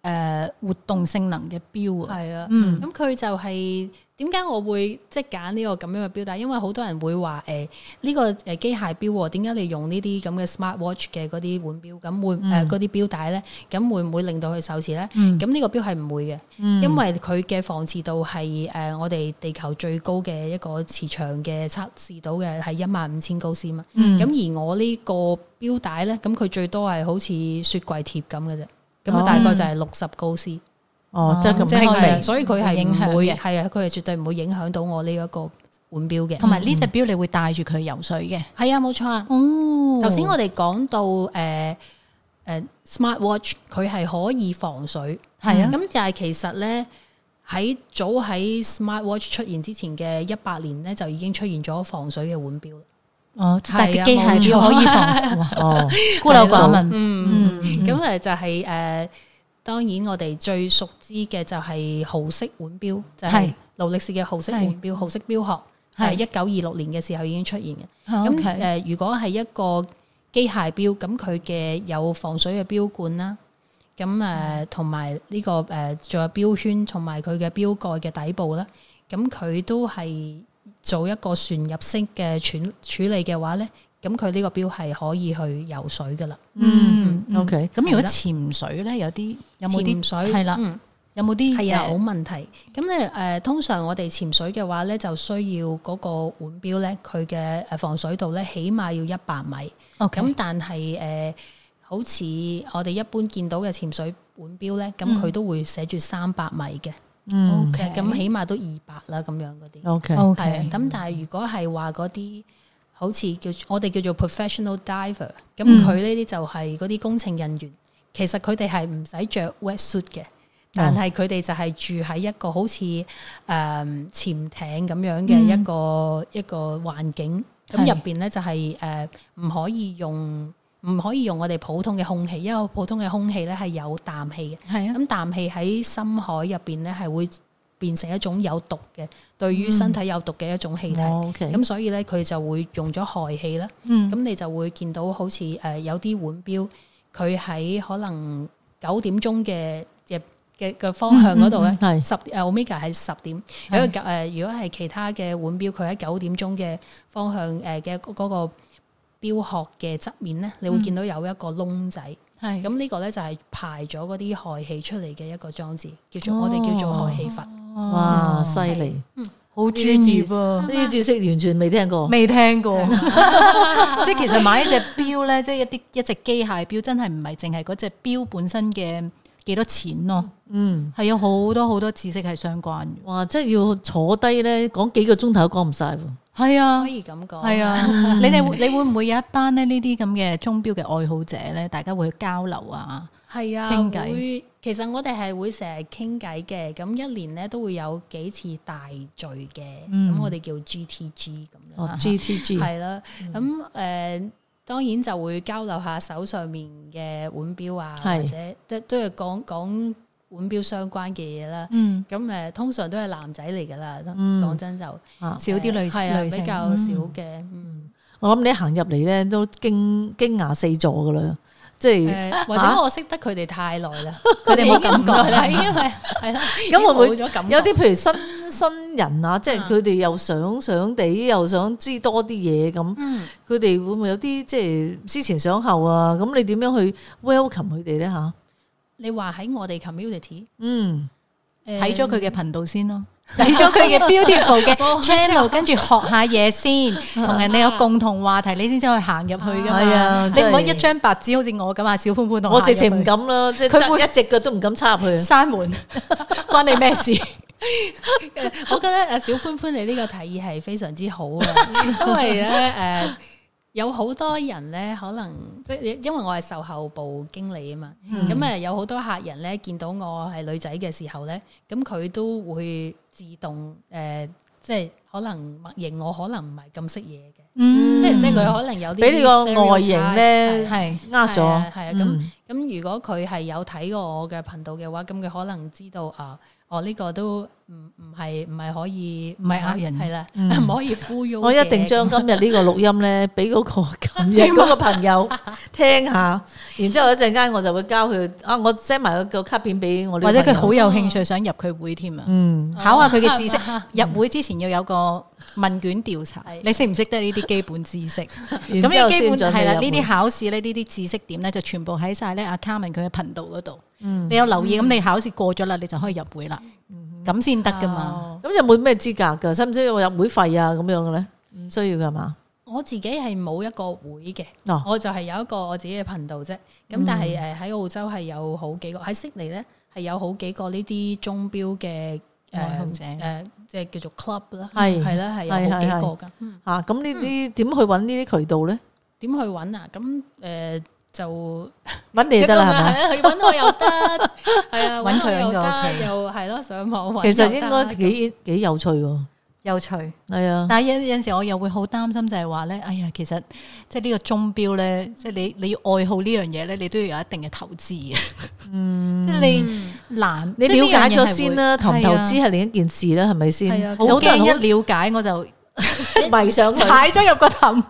誒、呃，活動性能嘅表啊，係啊、嗯，咁佢就係點解我會即係揀呢個咁樣嘅表帶？因為好多人會話誒、呢、呃這個誒機械表點解你用，嗯呃、呢啲咁嘅 smart watch 嘅嗰啲腕表咁會誒啲表帶咧？咁會唔會令到佢受磁咧？咁呢、嗯、個表係唔會嘅，嗯、因為佢嘅防磁度係誒、呃、我哋地球最高嘅一個磁場嘅測試到嘅係一萬五千高斯嘛。咁、嗯嗯、而我個標呢個表帶咧，咁佢最多係好似雪櫃貼咁嘅啫。咁大概就係六十高斯哦，即係咁輕微，所以佢係唔會，係啊，佢係絕對唔會影響到我呢一個腕表嘅。同埋呢隻表你會戴住佢游水嘅，係啊、嗯，冇錯啊。錯哦，頭先我哋講到誒誒、呃呃、smart watch 佢係可以防水，係啊的。咁、嗯、就係其實咧，喺早喺 smart watch 出現之前嘅一百年咧，就已經出現咗防水嘅腕表。哦，但係機械表可以防的哦，孤陋寡聞。嗯，咁誒、嗯嗯、就係、是、誒、呃，當然我哋最熟知嘅就係蠔式腕表，是就係勞力士嘅蠔式腕表，是蠔式表殼係一九二六年嘅時候已經出現嘅。咁誒，如果係一個機械表，咁佢嘅有防水嘅表冠啦，咁誒同埋呢個誒仲有表圈，同埋佢嘅表蓋嘅底部啦，咁佢都係。做一個旋入式嘅處處理嘅話呢，咁佢呢個表係可以去游水噶啦。嗯，OK。咁如果潛水呢，有啲有冇啲係啦，有冇啲嘅好問題？咁咧誒，通常我哋潛水嘅話呢，就需要嗰個腕表呢，佢嘅防水度呢，起碼要一百米。OK。咁但係誒、呃，好似我哋一般見到嘅潛水腕表呢，咁佢都會寫住三百米嘅。嗯。Okay. 嗯，OK，咁起碼都二百啦，咁樣嗰啲，OK，OK，係啊，咁但係如果係話嗰啲好似叫我哋叫做 professional diver，咁佢呢啲就係嗰啲工程人員，其實佢哋係唔使着 wet suit 嘅，但係佢哋就係住喺一個好似誒潛艇咁樣嘅一個、嗯、一個環境，咁入邊咧就係誒唔可以用。唔可以用我哋普通嘅空氣，因為普通嘅空氣咧係有氮氣嘅，係啊。咁氮氣喺深海入邊咧係會變成一種有毒嘅，嗯、對於身體有毒嘅一種氣體。咁、哦 okay、所以咧佢就會用咗氦氣啦。咁、嗯、你就會見到好似誒、呃、有啲腕錶，佢喺可能九點鐘嘅嘅嘅方向嗰度咧，係十 omega 係十點。喺個誒，如果係其他嘅腕錶，佢喺九點鐘嘅方向誒嘅嗰個。那個表殼嘅側面呢，你會見到有一個窿仔，係咁呢個呢，就係排咗嗰啲氦氣出嚟嘅一個裝置，叫做、哦、我哋叫做氦氣閥。哦、哇，犀利，好專業啊！呢啲知識完全未聽過，未聽過。即係其實買一隻表呢，即係一啲 一隻機械表，真係唔係淨係嗰隻表本身嘅。幾多錢咯？嗯，係有好多好多知識係相關嘅。哇！即係要坐低咧，講幾個鐘頭都講唔晒喎。係啊，可以咁講。係啊，你哋你會唔會有一班咧呢啲咁嘅鐘表嘅愛好者咧？大家會去交流啊？係啊，傾偈。其實我哋係會成日傾偈嘅，咁一年咧都會有幾次大聚嘅。咁我哋叫 GTG 咁樣。哦，GTG 係啦。咁誒。當然就會交流下手上面嘅腕表啊，或者都都係講講腕表相關嘅嘢啦。嗯，咁誒通常都係男仔嚟噶啦。講真就少啲女仔係啊，比較少嘅。嗯，我諗你行入嚟咧都驚驚訝四座噶啦，即係或者我識得佢哋太耐啦，佢哋冇感覺啦，係咪？ 係啦， 咁會唔會？有啲譬如新。新人啊，即係佢哋又想想地，又想知多啲嘢咁。佢哋會唔會有啲即係思前想後啊？咁你點樣去 welcome 佢哋咧？吓，你話喺我哋 community，嗯，睇咗佢嘅頻道先咯，睇咗佢嘅 beautiful 嘅 channel， 跟住學下嘢先，同人哋有共同話題，你先至可以行入去噶嘛。啊、你唔好一張白紙，好似我咁啊，小潘潘我，我，會直情唔敢啦，即係執一隻腳都唔敢插入去，閂門，關你咩事？ 我覺得誒，小潘潘你呢個提議係非常之好啊！因為咧誒，有好多人咧，可能即係因為我係售後部經理啊嘛，咁啊、嗯、有好多客人咧見到我係女仔嘅時候咧，咁佢都會自動誒、呃，即係可能默認我可能唔係咁識嘢嘅，嗯，即係即係佢可能有啲俾你個外型咧係呃咗，係啊，咁咁、嗯、如果佢係有睇過我嘅頻道嘅話，咁佢可能知道啊。我呢個都。唔唔係唔係可以唔係呃人係啦，唔可以忽悠。我一定將今日呢個錄音咧，俾嗰個聽嗰個朋友聽下。然之後一陣間，我就會交佢啊，我 send 埋個卡片俾我。或者佢好有興趣想入佢會添啊？嗯，考下佢嘅知識。入會之前要有個問卷調查，你識唔識得呢啲基本知識？咁呢基本係啦，呢啲考試咧，呢啲知識點咧，就全部喺晒咧。阿 Carmen 佢嘅頻道嗰度，你有留意咁？你考試過咗啦，你就可以入會啦。咁先得噶嘛？咁有冇咩資格噶使唔使我入會費啊？咁樣嘅咧？唔需要噶嘛？我自己係冇一個會嘅。嗱，我就係有一個我自己嘅頻道啫。咁但係誒喺澳洲係有好幾個，喺悉尼咧係有好幾個呢啲鐘表嘅誒、誒即係叫做 club，啦係係啦係有好幾個噶吓，咁呢啲點去揾呢啲渠道咧？點去揾啊？咁誒。就揾你得啦，係咪？佢揾我又得，係啊，揾佢又得，又係咯，上網揾。其實應該幾幾有趣喎，有趣係啊。但係有有陣時我又會好擔心，就係話咧，哎呀，其實即係呢個鐘錶咧，即係你你要愛好呢樣嘢咧，你都要有一定嘅投資嘅。嗯，即係你難，你了解咗先啦，投唔投資係另一件事啦，係咪先？好多人一了解我就迷上，踩咗入個凼。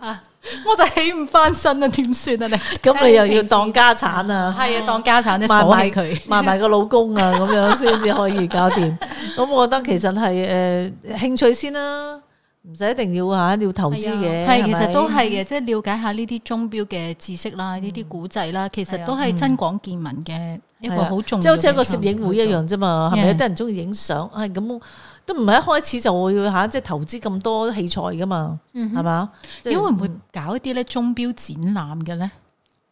我就起唔翻身啊，點算啊你？咁你又要當家產啊？係啊，當家產咧，賣賣佢，賣埋個老公啊，咁樣先至可以搞掂。咁我覺得其實係誒興趣先啦，唔使一定要吓要投資嘅。係其實都係嘅，即係了解下呢啲鐘錶嘅知識啦，呢啲古仔啦，其實都係增廣見聞嘅一個好重要，即好似一個攝影會一樣啫嘛，係咪？有啲人中意影相，係咁。都唔係一開始就會嚇，即、啊、係、就是、投資咁多器材噶嘛，係嘛、嗯哼？點會唔會搞一啲咧鐘錶展覽嘅咧？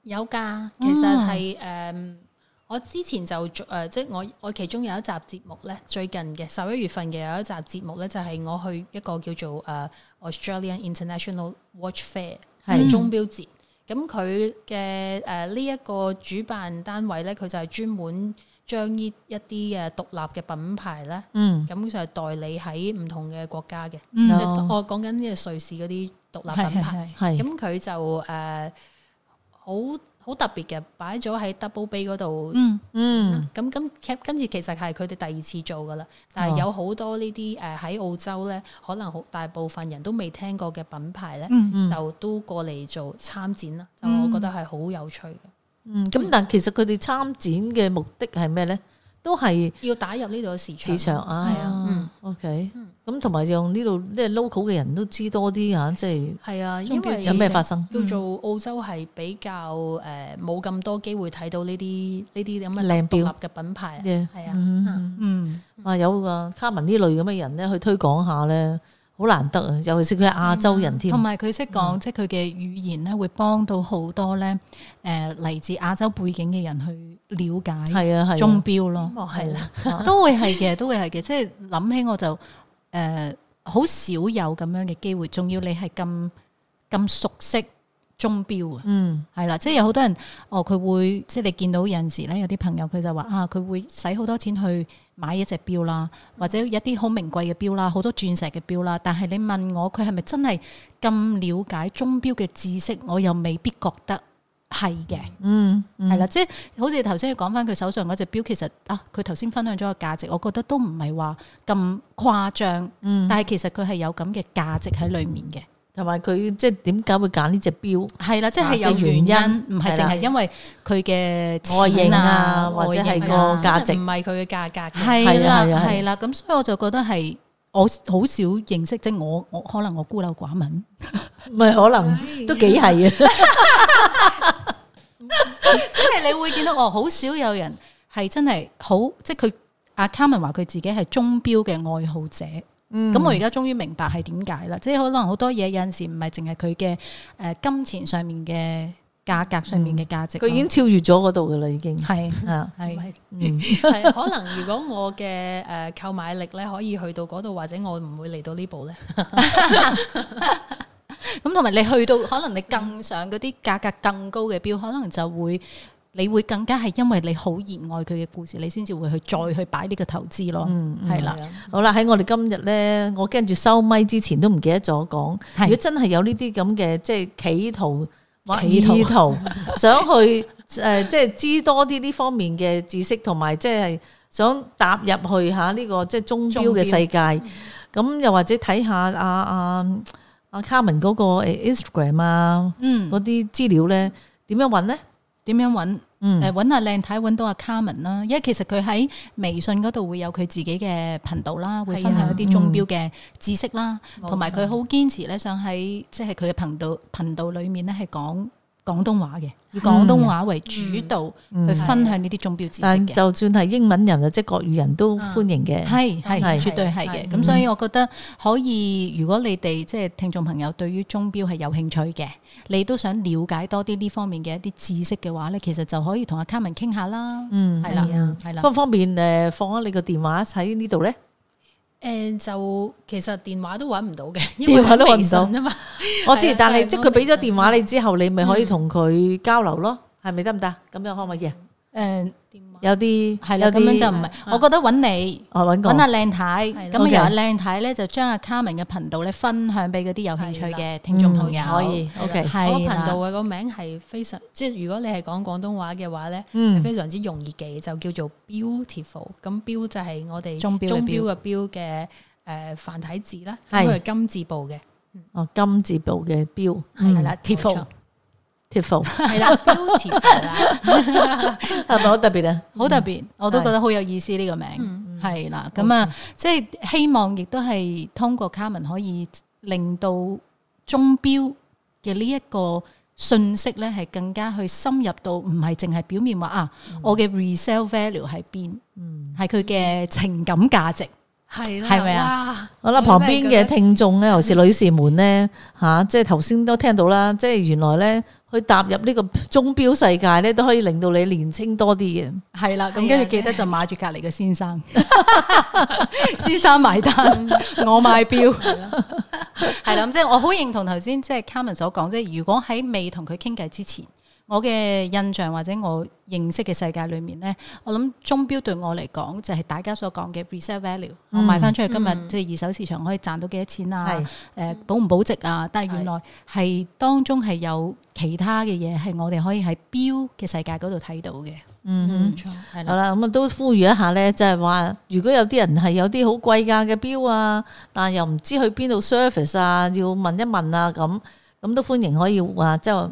有噶，其實係誒、嗯嗯，我之前就誒、呃，即係我我其中有一集節目咧，最近嘅十一月份嘅有一集節目咧，就係、是、我去一個叫做誒、呃、Australian International Watch Fair，係鐘錶節。咁佢嘅誒呢一個主辦單位咧，佢就係專門。將呢一啲嘅獨立嘅品牌咧，嗯，咁就係代理喺唔同嘅國家嘅、嗯嗯，我講緊呢個瑞士嗰啲獨立品牌，係，咁佢就誒好好特別嘅，擺咗喺 Double Bay 度，嗯嗯，咁、嗯、咁，其實跟住其實係佢哋第二次做噶啦，但係有好多呢啲誒喺澳洲咧，可能好大部分人都未聽過嘅品牌咧，就都過嚟做參展啦，就、嗯嗯、我覺得係好有趣嘅。嗯，咁但係其實佢哋參展嘅目的係咩咧？都係要打入呢度嘅市場。市場啊，係啊，嗯，OK，咁同埋用呢度即係 local 嘅人都知多啲嚇，即係係啊，因為有咩發生？叫做澳洲係比較誒冇咁多機會睇到呢啲呢啲咁嘅靚表合嘅品牌嘅，係啊，嗯啊有個 Carmen 呢類咁嘅人咧去推廣下咧。好難得啊，尤其是佢係亞洲人添，同埋佢識講，嗯、即係佢嘅語言咧，會幫到好多咧，誒，嚟自亞洲背景嘅人去了解，係啊，係鐘錶咯，係啦，都會係嘅，都會係嘅，即係諗起我就，誒、呃，好少有咁樣嘅機會，仲要你係咁咁熟悉。鐘錶啊，嗯，係啦，即係有好多人，哦，佢會即係你見到有陣時咧，有啲朋友佢就話啊，佢會使好多錢去買一隻錶啦，或者一啲好名貴嘅錶啦，好多鑽石嘅錶啦，但係你問我佢係咪真係咁了解鐘錶嘅知識，我又未必覺得係嘅，嗯，嗯，係啦，即係好似頭先講翻佢手上嗰隻錶，其實啊，佢頭先分享咗個價值，我覺得都唔係話咁誇張，嗯，但係其實佢係有咁嘅價值喺裡面嘅。同埋佢即係點解會揀呢隻錶？係啦，即係有原因，唔係淨係因為佢嘅外形啊，或者係個價值，唔係佢嘅價格。係啦，係啦，咁所以我就覺得係我好少認識，即係我我可能我孤陋寡聞，唔係，可能都幾係啊！即係你會見到我好少有人係真係好，即係佢阿 Carmen 話佢自己係鐘錶嘅愛好者。咁、嗯、我而家終於明白係點解啦，即係可能好多嘢有陣時唔係淨係佢嘅誒金錢上面嘅價格上面嘅價值，佢、嗯、已經超越咗嗰度嘅啦，已經係啊，係，嗯，係是、嗯、可能如果我嘅誒購買力咧可以去到嗰度，或者我唔會嚟到呢步咧，咁同埋你去到可能你更上嗰啲價格更高嘅標，可能就會。你會更加係因為你好熱愛佢嘅故事，你先至會去再去擺呢個投資咯，係啦、嗯。嗯、的好啦，喺我哋今日咧，我跟住收咪之前都唔記得咗講。是如果真係有呢啲咁嘅即係企圖企圖，想去誒即係知多啲呢方面嘅知識，同埋即係想踏入去嚇、這、呢個即係鐘錶嘅世界。咁標又或者睇下阿阿阿 Carmen 嗰個誒 Instagram 啊，啊啊啊 Inst 啊嗯，嗰啲資料咧點樣揾咧？點樣揾？誒揾、嗯、靚太揾到阿 Carmen 啦，因為其實佢喺微信嗰度會有佢自己嘅頻道啦，會分享一啲鐘錶嘅知識啦，同埋佢好堅持咧，想喺即係佢嘅頻道頻道裡面呢，係講廣東話嘅，以廣東話為主導、嗯嗯、去分享呢啲鐘錶知識嘅。就算係英文人即係國語人都歡迎嘅，係係、嗯、是絕對係嘅。咁所以我覺得可以，如果你哋即係聽眾朋友對於鐘錶係有興趣嘅，你都想了解多啲呢方面嘅一啲知識嘅話呢，其實就可以同阿 Carmen 傾下啦。嗯，係啦，係、啊、啦，方唔方便誒放咗你個電話喺呢度呢？誒、嗯，就其實電話都搵唔到嘅，因為電話都搵唔到啊嘛。 我知道， 啊、但係即係佢俾咗電話你之後，嗯、你咪可以同佢交流咯，係咪得唔得？咁樣可唔可以啊？誒、嗯，嗯、電話有啲係啦，咁樣就唔係。我覺得揾你，揾阿靚太，咁啊由靚太咧就將阿卡明嘅頻道咧分享俾嗰啲有興趣嘅聽眾朋友。可以，OK。我個頻道嘅個名係非常，即係如果你係講廣東話嘅話咧，係非常之容易記，就叫做 beautiful。咁標就係我哋鐘錶嘅錶嘅誒繁體字啦，佢係金字部嘅。哦，金字部嘅標係啦貼服係啦，啦，係咪好特別咧？好特別，我都覺得好有意思呢個名，係啦，咁、嗯、啊，即、嗯、係、嗯、希望亦都係通過 Carmen 可以令到鐘表嘅呢一個信息咧，係更加去深入到唔係淨係表面話啊，我嘅 resale value 喺邊，嗯，係佢嘅情感價值，係啦，係咪啊？是是好啦，旁邊嘅聽眾咧，尤其是女士們咧，吓、啊，即係頭先都聽到啦，即係原來咧。去踏入呢個鐘錶世界咧，都可以令到你年青多啲嘅。係啦，咁跟住記得就買住隔離嘅先生， 先生買單， 我買錶。係啦， 咁即係我好認同頭先即係 Carmen 所講，即係如果喺未同佢傾偈之前。我嘅印象或者我認識嘅世界裏面咧，我諗鐘錶對我嚟講就係、是、大家所講嘅 reset value、嗯、我賣翻出去今日即係二手市場可以賺到幾多錢啊？誒、嗯呃、保唔保值啊？但係原來係當中係有其他嘅嘢係我哋可以喺錶嘅世界嗰度睇到嘅。嗯，唔錯，係啦的。好啦，咁啊都呼籲一下咧，即係話如果有啲人係有啲好貴價嘅錶啊，但係又唔知去邊度 service 啊，要問一問啊，咁咁都歡迎可以話即係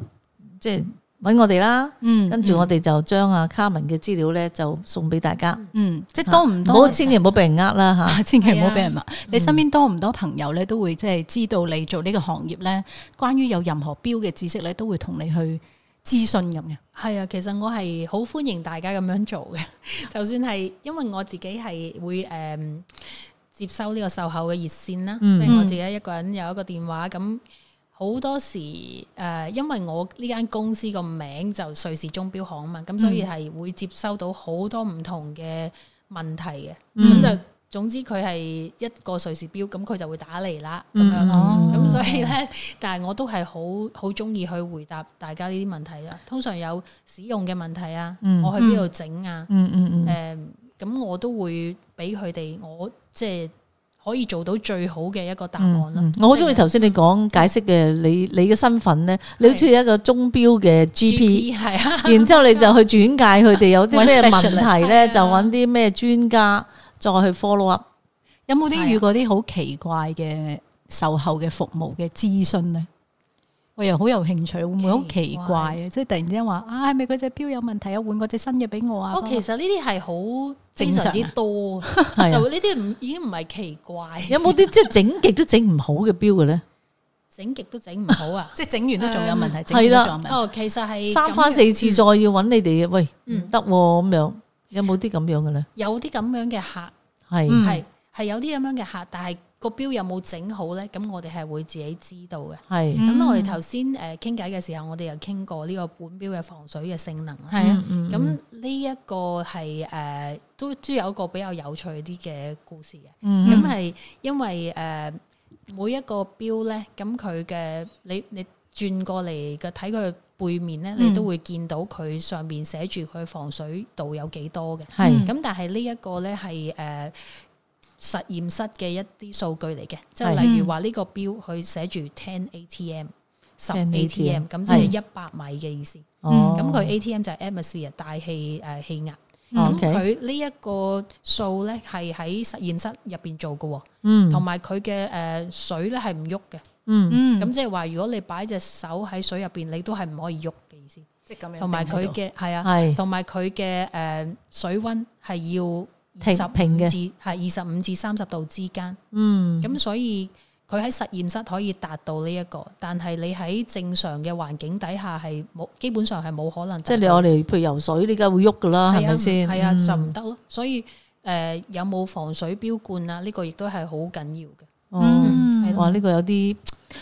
即係。就是揾我哋啦，嗯，跟住我哋就將阿卡文嘅資料咧，就送俾大家，嗯，即係多唔多，啊、千祈唔好俾人呃啦吓，嗯、千祈唔好俾人呃。嗯、你身邊多唔多朋友咧，都會即係知道你做呢個行業咧，關於有任何錶嘅知識咧，都會同你去諮詢咁嘅。係啊、嗯，其實我係好歡迎大家咁樣做嘅， 就算係因為我自己係會誒接收呢個售後嘅熱線啦，即係、嗯嗯、我自己一個人有一個電話咁。好多時誒，因為我呢間公司個名就瑞士鐘錶行啊嘛，咁所以係會接收到好多唔同嘅問題嘅，咁就總之佢係一個瑞士錶，咁佢就會打嚟啦，咁樣咯，咁所以呢，但係我都係好好中意去回答大家呢啲問題啦。通常有使用嘅問題啊，我去邊度整啊，誒，咁我都會俾佢哋我即係。可以做到最好嘅一個答案咯，嗯嗯。我好鍾意頭先你講解釋嘅你你嘅身份咧，你，你，嗯、你好似一個鐘錶嘅 GP，係啊，然之後你就去轉介佢哋有啲咩問題咧，的就揾啲咩專家再去 follow up。有冇啲遇過啲好奇怪嘅售後嘅服務嘅諮詢咧？我又好有興趣，會唔會好奇怪啊？即係突然之間話啊，係咪嗰隻表有問題啊？換嗰隻新嘅俾我啊！我其實呢啲係好正常之多，就呢啲唔已經唔係奇怪。有冇啲即係整極都整唔好嘅表嘅咧？整極都整唔好啊！即係整完都仲有問題。係啦，哦，其實係三番四次再要揾你哋嘅喂，唔得咁樣。有冇啲咁樣嘅咧？有啲咁樣嘅客係係係有啲咁樣嘅客，但係。個表有冇整好咧？咁我哋係會自己知道嘅。係是，咁我哋頭先誒傾偈嘅時候，我哋又傾過呢個本表嘅防水嘅性能。係啊，咁呢一個係誒都都有一個比較有趣啲嘅故事嘅。咁係、嗯、因為誒、呃、每一個表咧，咁佢嘅你你轉過嚟嘅睇佢背面咧，嗯、你都會見到佢上面寫住佢防水度有幾多嘅。係是，咁但係呢一個咧係誒。實驗室嘅一啲數據嚟嘅，即係例如話呢個標佢寫住 ten atm 十 atm，咁即係一百米嘅意思。嗯，咁佢 atm 就係 atmosphere 大氣誒氣壓。咁佢呢一個數咧係喺實驗室入邊做嘅。嗯，同埋佢嘅誒水咧係唔喐嘅。嗯，咁即係話如果你擺隻手喺水入邊，你都係唔可以喐嘅意思。即係咁樣。同埋佢嘅係啊，同埋佢嘅誒水温係要。二十五至係二十五至三十度之間，嗯，咁所以佢喺實驗室可以達到呢、這、一個，但係你喺正常嘅環境底下係冇，基本上係冇可能、這個。即係你我哋譬如游水，你梗會喐噶啦，係咪先？係啊、嗯、啊，就唔得咯。所以誒、呃，有冇防水錶冠啊？呢、這個亦都係好緊要嘅。嗯，嗯啊、哇，呢、這個有啲，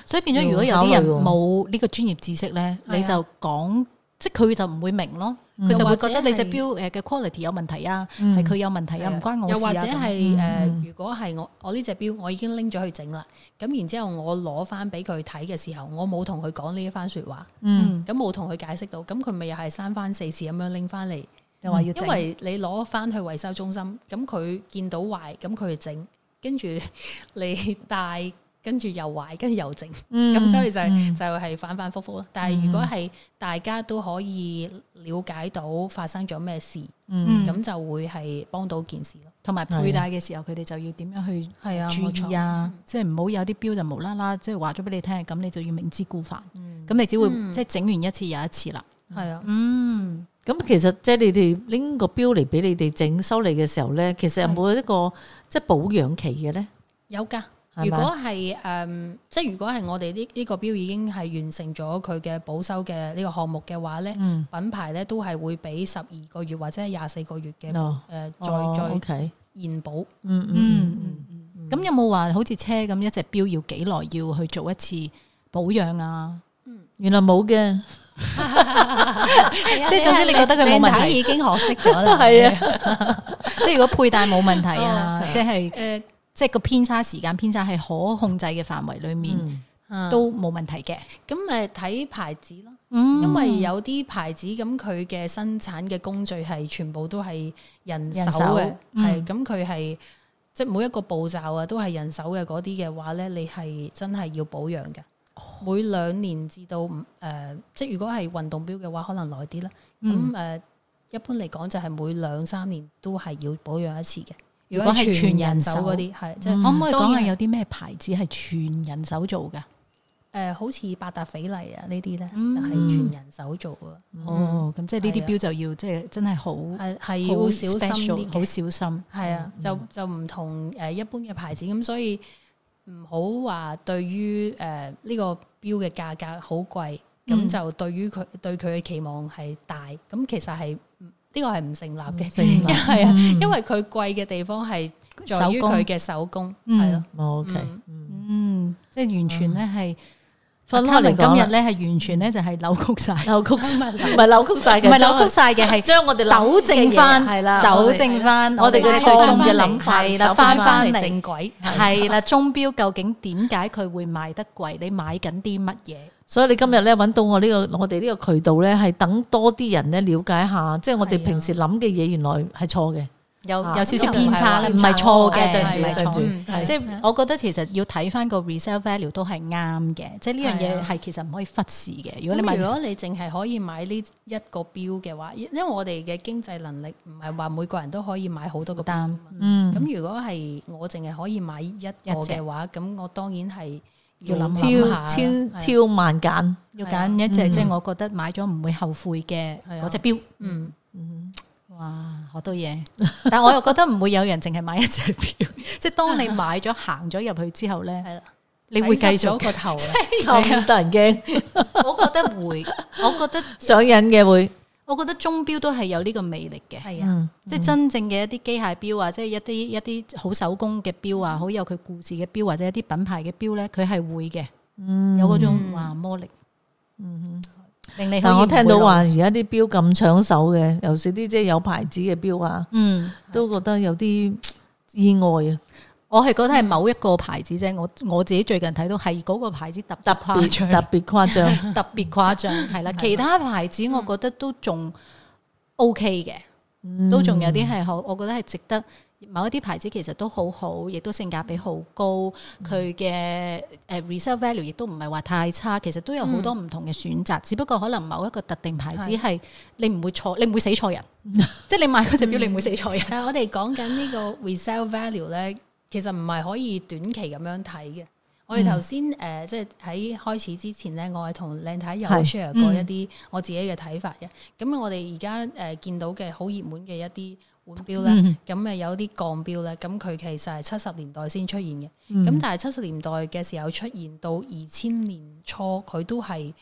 所以變咗，如果有啲人冇呢個專業知識咧，你就講，即係佢就唔、是、會明咯。佢就會覺得你隻錶誒嘅 quality 有問題啊，係佢、嗯、有問題啊，唔的關我事、啊、又或者係誒、嗯呃，如果係我我呢隻錶，我已經拎咗去整啦。咁、嗯、然之後我攞翻俾佢睇嘅時候，我冇同佢講呢一番説話，咁冇同佢解釋到，咁佢咪又係三番四次咁樣拎翻嚟，又話要因為你攞翻去維修中心，咁佢見到壞，咁佢整，跟住 你帶。跟住又壞，跟住又整，咁所以就係就係反反复覆咯。但係如果係大家都可以了解到發生咗咩事，嗯，咁就會係幫到件事咯。同埋佩戴嘅時候，佢哋就要點樣去係啊注意啊，即係唔好有啲錶就無啦啦，即係話咗俾你聽，咁你就要明知故犯，咁你只會即係整完一次又一次啦。係啊，嗯，咁其實即係你哋拎個錶嚟俾你哋整修理嘅時候咧，其實有冇一個即係保養期嘅咧？有㗎。如果係誒，即係如果係我哋呢呢個表已經係完成咗佢嘅保修嘅呢個項目嘅話咧，品牌咧都係會俾十二個月或者係廿四個月嘅，誒，再再延保。嗯嗯嗯嗯。咁有冇話好似車咁一隻表要幾耐要去做一次保養啊？原來冇嘅，即係總之你覺得佢冇問題已經學識咗啦。係啊，即係如果佩戴冇問題啊，即係。即係個偏差時間偏差係可控制嘅範圍裏面，嗯、都冇問題嘅。咁誒睇牌子，咯，嗯、因為有啲牌子咁佢嘅生產嘅工序係全部都係人手嘅，係咁佢係即係每一個步驟啊都係人手嘅嗰啲嘅話咧，你係真係要保養嘅。每兩年至到五誒、呃，即係如果係運動表嘅話，可能耐啲啦。咁誒、嗯呃，一般嚟講就係每兩三年都係要保養一次嘅。如果係全人手嗰啲，係即係可唔可以講下有啲咩牌子係全人手做嘅？誒，好似百達翡麗啊，呢啲咧就係全人手做啊。哦，咁即係呢啲表就要即係真係好係係要小心啲，好小心。係啊，就就唔同誒一般嘅牌子咁，所以唔好話對於誒呢個表嘅價格好貴，咁就對於佢對佢嘅期望係大，咁其實係。呢個係唔成立嘅，因為因為佢貴嘅地方係在於佢嘅手工，係咯。O K，嗯，即係完全咧係，Carmen 今日咧係完全咧就係扭曲晒，扭曲，唔係扭曲晒嘅，唔係扭曲晒嘅係將我哋糾正翻，係啦，糾正翻我哋嘅錯嘅諗法，係啦，翻翻嚟正軌，係啦，鐘表究竟點解佢會賣得貴？你買緊啲乜嘢？所以你今日咧揾到我呢個我哋呢個渠道咧，係等多啲人咧了解下，即係我哋平時諗嘅嘢，原來係錯嘅，有有少少偏差咧，唔係錯嘅，對，唔係錯，即係我覺得其實要睇翻個 resale value 都係啱嘅，即係呢樣嘢係其實唔可以忽視嘅。咁如果你淨係可以買呢一個錶嘅話，因為我哋嘅經濟能力唔係話每個人都可以買好多個錶。嗯，咁如果係我淨係可以買一個嘅話，咁我當然係。要諗諗，千挑萬揀，要揀一隻、嗯、即係我覺得買咗唔會後悔嘅嗰隻錶。嗯哇，好多嘢， 但係我又覺得唔會有人淨係買一隻錶， 即係當你買咗行咗入去之後呢， 你會繼續個頭啊，咁得人驚。 我覺得會，我覺得 上癮嘅會。我覺得鐘錶都係有呢個魅力嘅，係啊，嗯、即係真正嘅一啲機械表啊，嗯、即係一啲一啲好手工嘅表啊，好有佢故事嘅表或者一啲品牌嘅表咧，佢係會嘅，嗯、有嗰種哇魔力，嗯哼，令你。但我聽到話而家啲表咁搶手嘅，尤其是啲即係有牌子嘅表啊，嗯，都覺得有啲意外啊。我係覺得係某一個牌子啫，我我自己最近睇到係嗰個牌子特特別誇張特別，特別誇張，特別誇張，係啦。其他牌子我覺得都仲 O K 嘅，嗯、都仲有啲係好，我覺得係值得。某一啲牌子其實都好好，亦都性價比好高，佢嘅誒 resale value 亦都唔係話太差。其實都有好多唔同嘅選擇，嗯、只不過可能某一個特定牌子係你唔會錯，你唔會死錯人，即係你買嗰隻表你唔會死錯人。但我哋講緊呢個 resale value 咧。其實唔係可以短期咁樣睇嘅。我哋頭先誒，即係喺開始之前咧，我係同靚太太又有 share 過一啲我自己嘅睇法嘅。咁、嗯、我哋而家誒見到嘅好熱門嘅一啲腕表咧，咁啊、嗯、有啲鋼表咧，咁佢其實係七十年代先出現嘅。咁、嗯、但係七十年代嘅時候出現到二千年初，佢都係。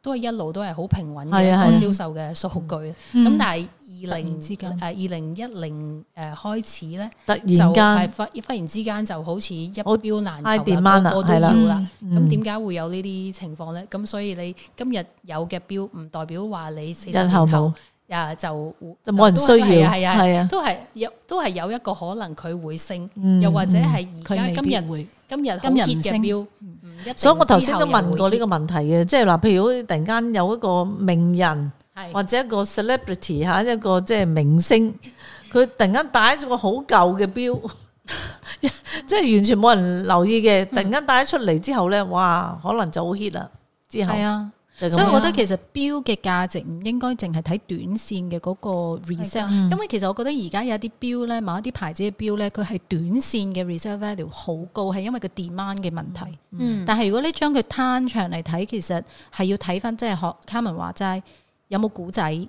都係一路都係好平穩嘅一個銷售嘅數據，咁但係二零誒二零一零誒開始咧，突然間，忽忽然之間就好似一錶難求啦，多啲要啦。咁點解會有呢啲情況咧？咁所以你今日有嘅錶唔代表話你日後冇，啊就就冇人需要，係啊係啊，都係有都係有一個可能佢會升，又或者係而家今日今日好 heat 嘅錶。所以我頭先都問過呢個問題嘅，即係嗱，譬如突然間有一個名人是或者一個 celebrity 吓一個即係明星，佢突然間戴咗個好舊嘅表，即 係完全冇人留意嘅。突然間戴咗出嚟之後咧，哇，可能就好 hit 啦，之後。所以，我覺得其實表嘅價值唔應該淨係睇短線嘅嗰個 resell，的因為其實我覺得而家有啲表咧，某一啲牌子嘅表咧，佢係短線嘅 resell value 好高，係因為佢 demand 嘅問題。的嗯、但係如果你將佢攤長嚟睇，其實係要睇翻即係學 Carmen 話齋，有冇古仔？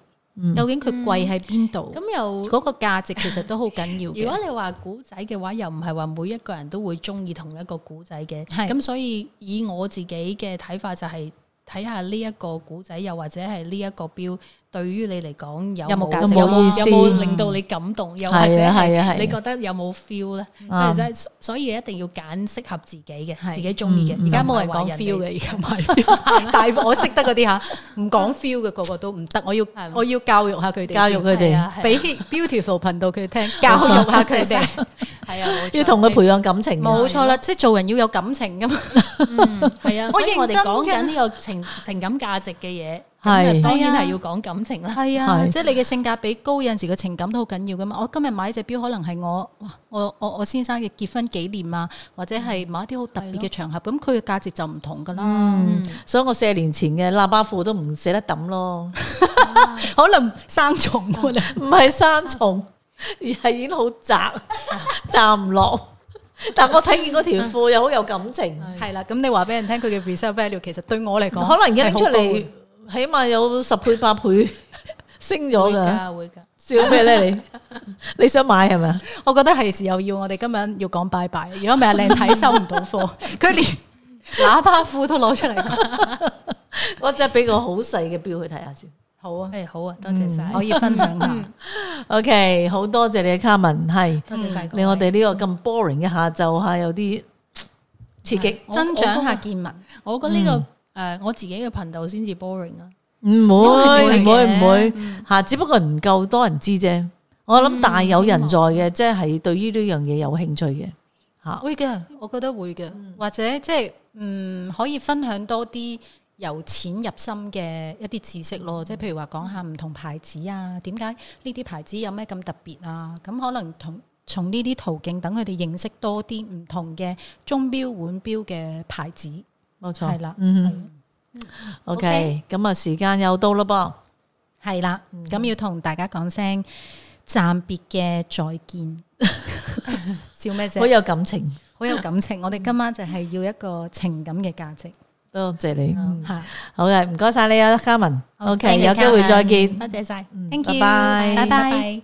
究竟佢貴喺邊度？咁又嗰個價值其實都好緊要。 如果你話古仔嘅話，又唔係話每一個人都會中意同一個古仔嘅。係的。咁所以以我自己嘅睇法就係、是。睇下呢一個古仔，又或者係呢一個表。對於你嚟講有冇，有冇意思令到你感動，又或者係你覺得有冇 feel 咧？即係所以一定要揀適合自己嘅，自己中意嘅。而家冇人講 feel 嘅，而家冇。但係我識得嗰啲吓，唔講 feel 嘅，個個都唔得。我要我要教育下佢哋，教育佢哋，俾 beautiful 頻道佢聽，教育下佢哋。係啊，要同佢培養感情。冇錯啦，即係做人要有感情㗎嘛。嗯，係啊。所以我哋講緊呢個情情感價值嘅嘢。係，當然係要講感情啦。係啊，即係你嘅性價比高，有陣時個情感都好緊要噶嘛。我今日買隻錶，可能係我，我我我先生嘅結婚紀念啊，或者係某一啲好特別嘅場合，咁佢嘅價值就唔同噶啦。所以我四十年前嘅喇叭褲都唔捨得抌咯，可能生蟲啦，唔係生蟲，而係已經好窄，站唔落。但係我睇見嗰條褲又好有感情，係啦。咁你話俾人聽佢嘅 reserve value，其實對我嚟講，可能一拎出嚟。起碼有十倍、八倍升咗噶，會噶笑咩咧？你你想買係咪啊？我覺得係時候要我哋今日要講拜拜，如果唔係靚仔收唔到貨，佢連喇叭褲都攞出嚟講，我真係俾個好細嘅表去睇下先。好啊，誒，好啊，多謝晒，可以分享下。OK，好多謝你嘅 Carmen 係多謝晒你，我哋呢個咁 boring 嘅下晝吓有啲刺激，增長下見聞。我覺得呢個。誒、呃、我自己嘅頻道先至 boring 啊，唔會唔會唔會嚇，唔會嗯、只不過唔夠多人知啫。我諗大有人在嘅，即係、嗯、對於呢樣嘢有興趣嘅嚇、嗯、會嘅，我覺得會嘅，嗯、或者即、就、係、是、嗯可以分享多啲由淺入深嘅一啲知識咯，即係譬如話講下唔同牌子啊，點解呢啲牌子有咩咁特別啊？咁可能同從呢啲途徑等佢哋認識多啲唔同嘅鐘錶腕錶嘅牌子。冇錯，係啦，嗯，OK，咁啊，時間又到啦噃，係啦，咁要同大家講聲暫別嘅再見，笑咩啫？好有感情，好有感情，我哋今晚就係要一個情感嘅價值。多謝你，好嘅，唔該晒你啊，Carmen，OK，有機會再見，多謝晒，thank you，拜拜。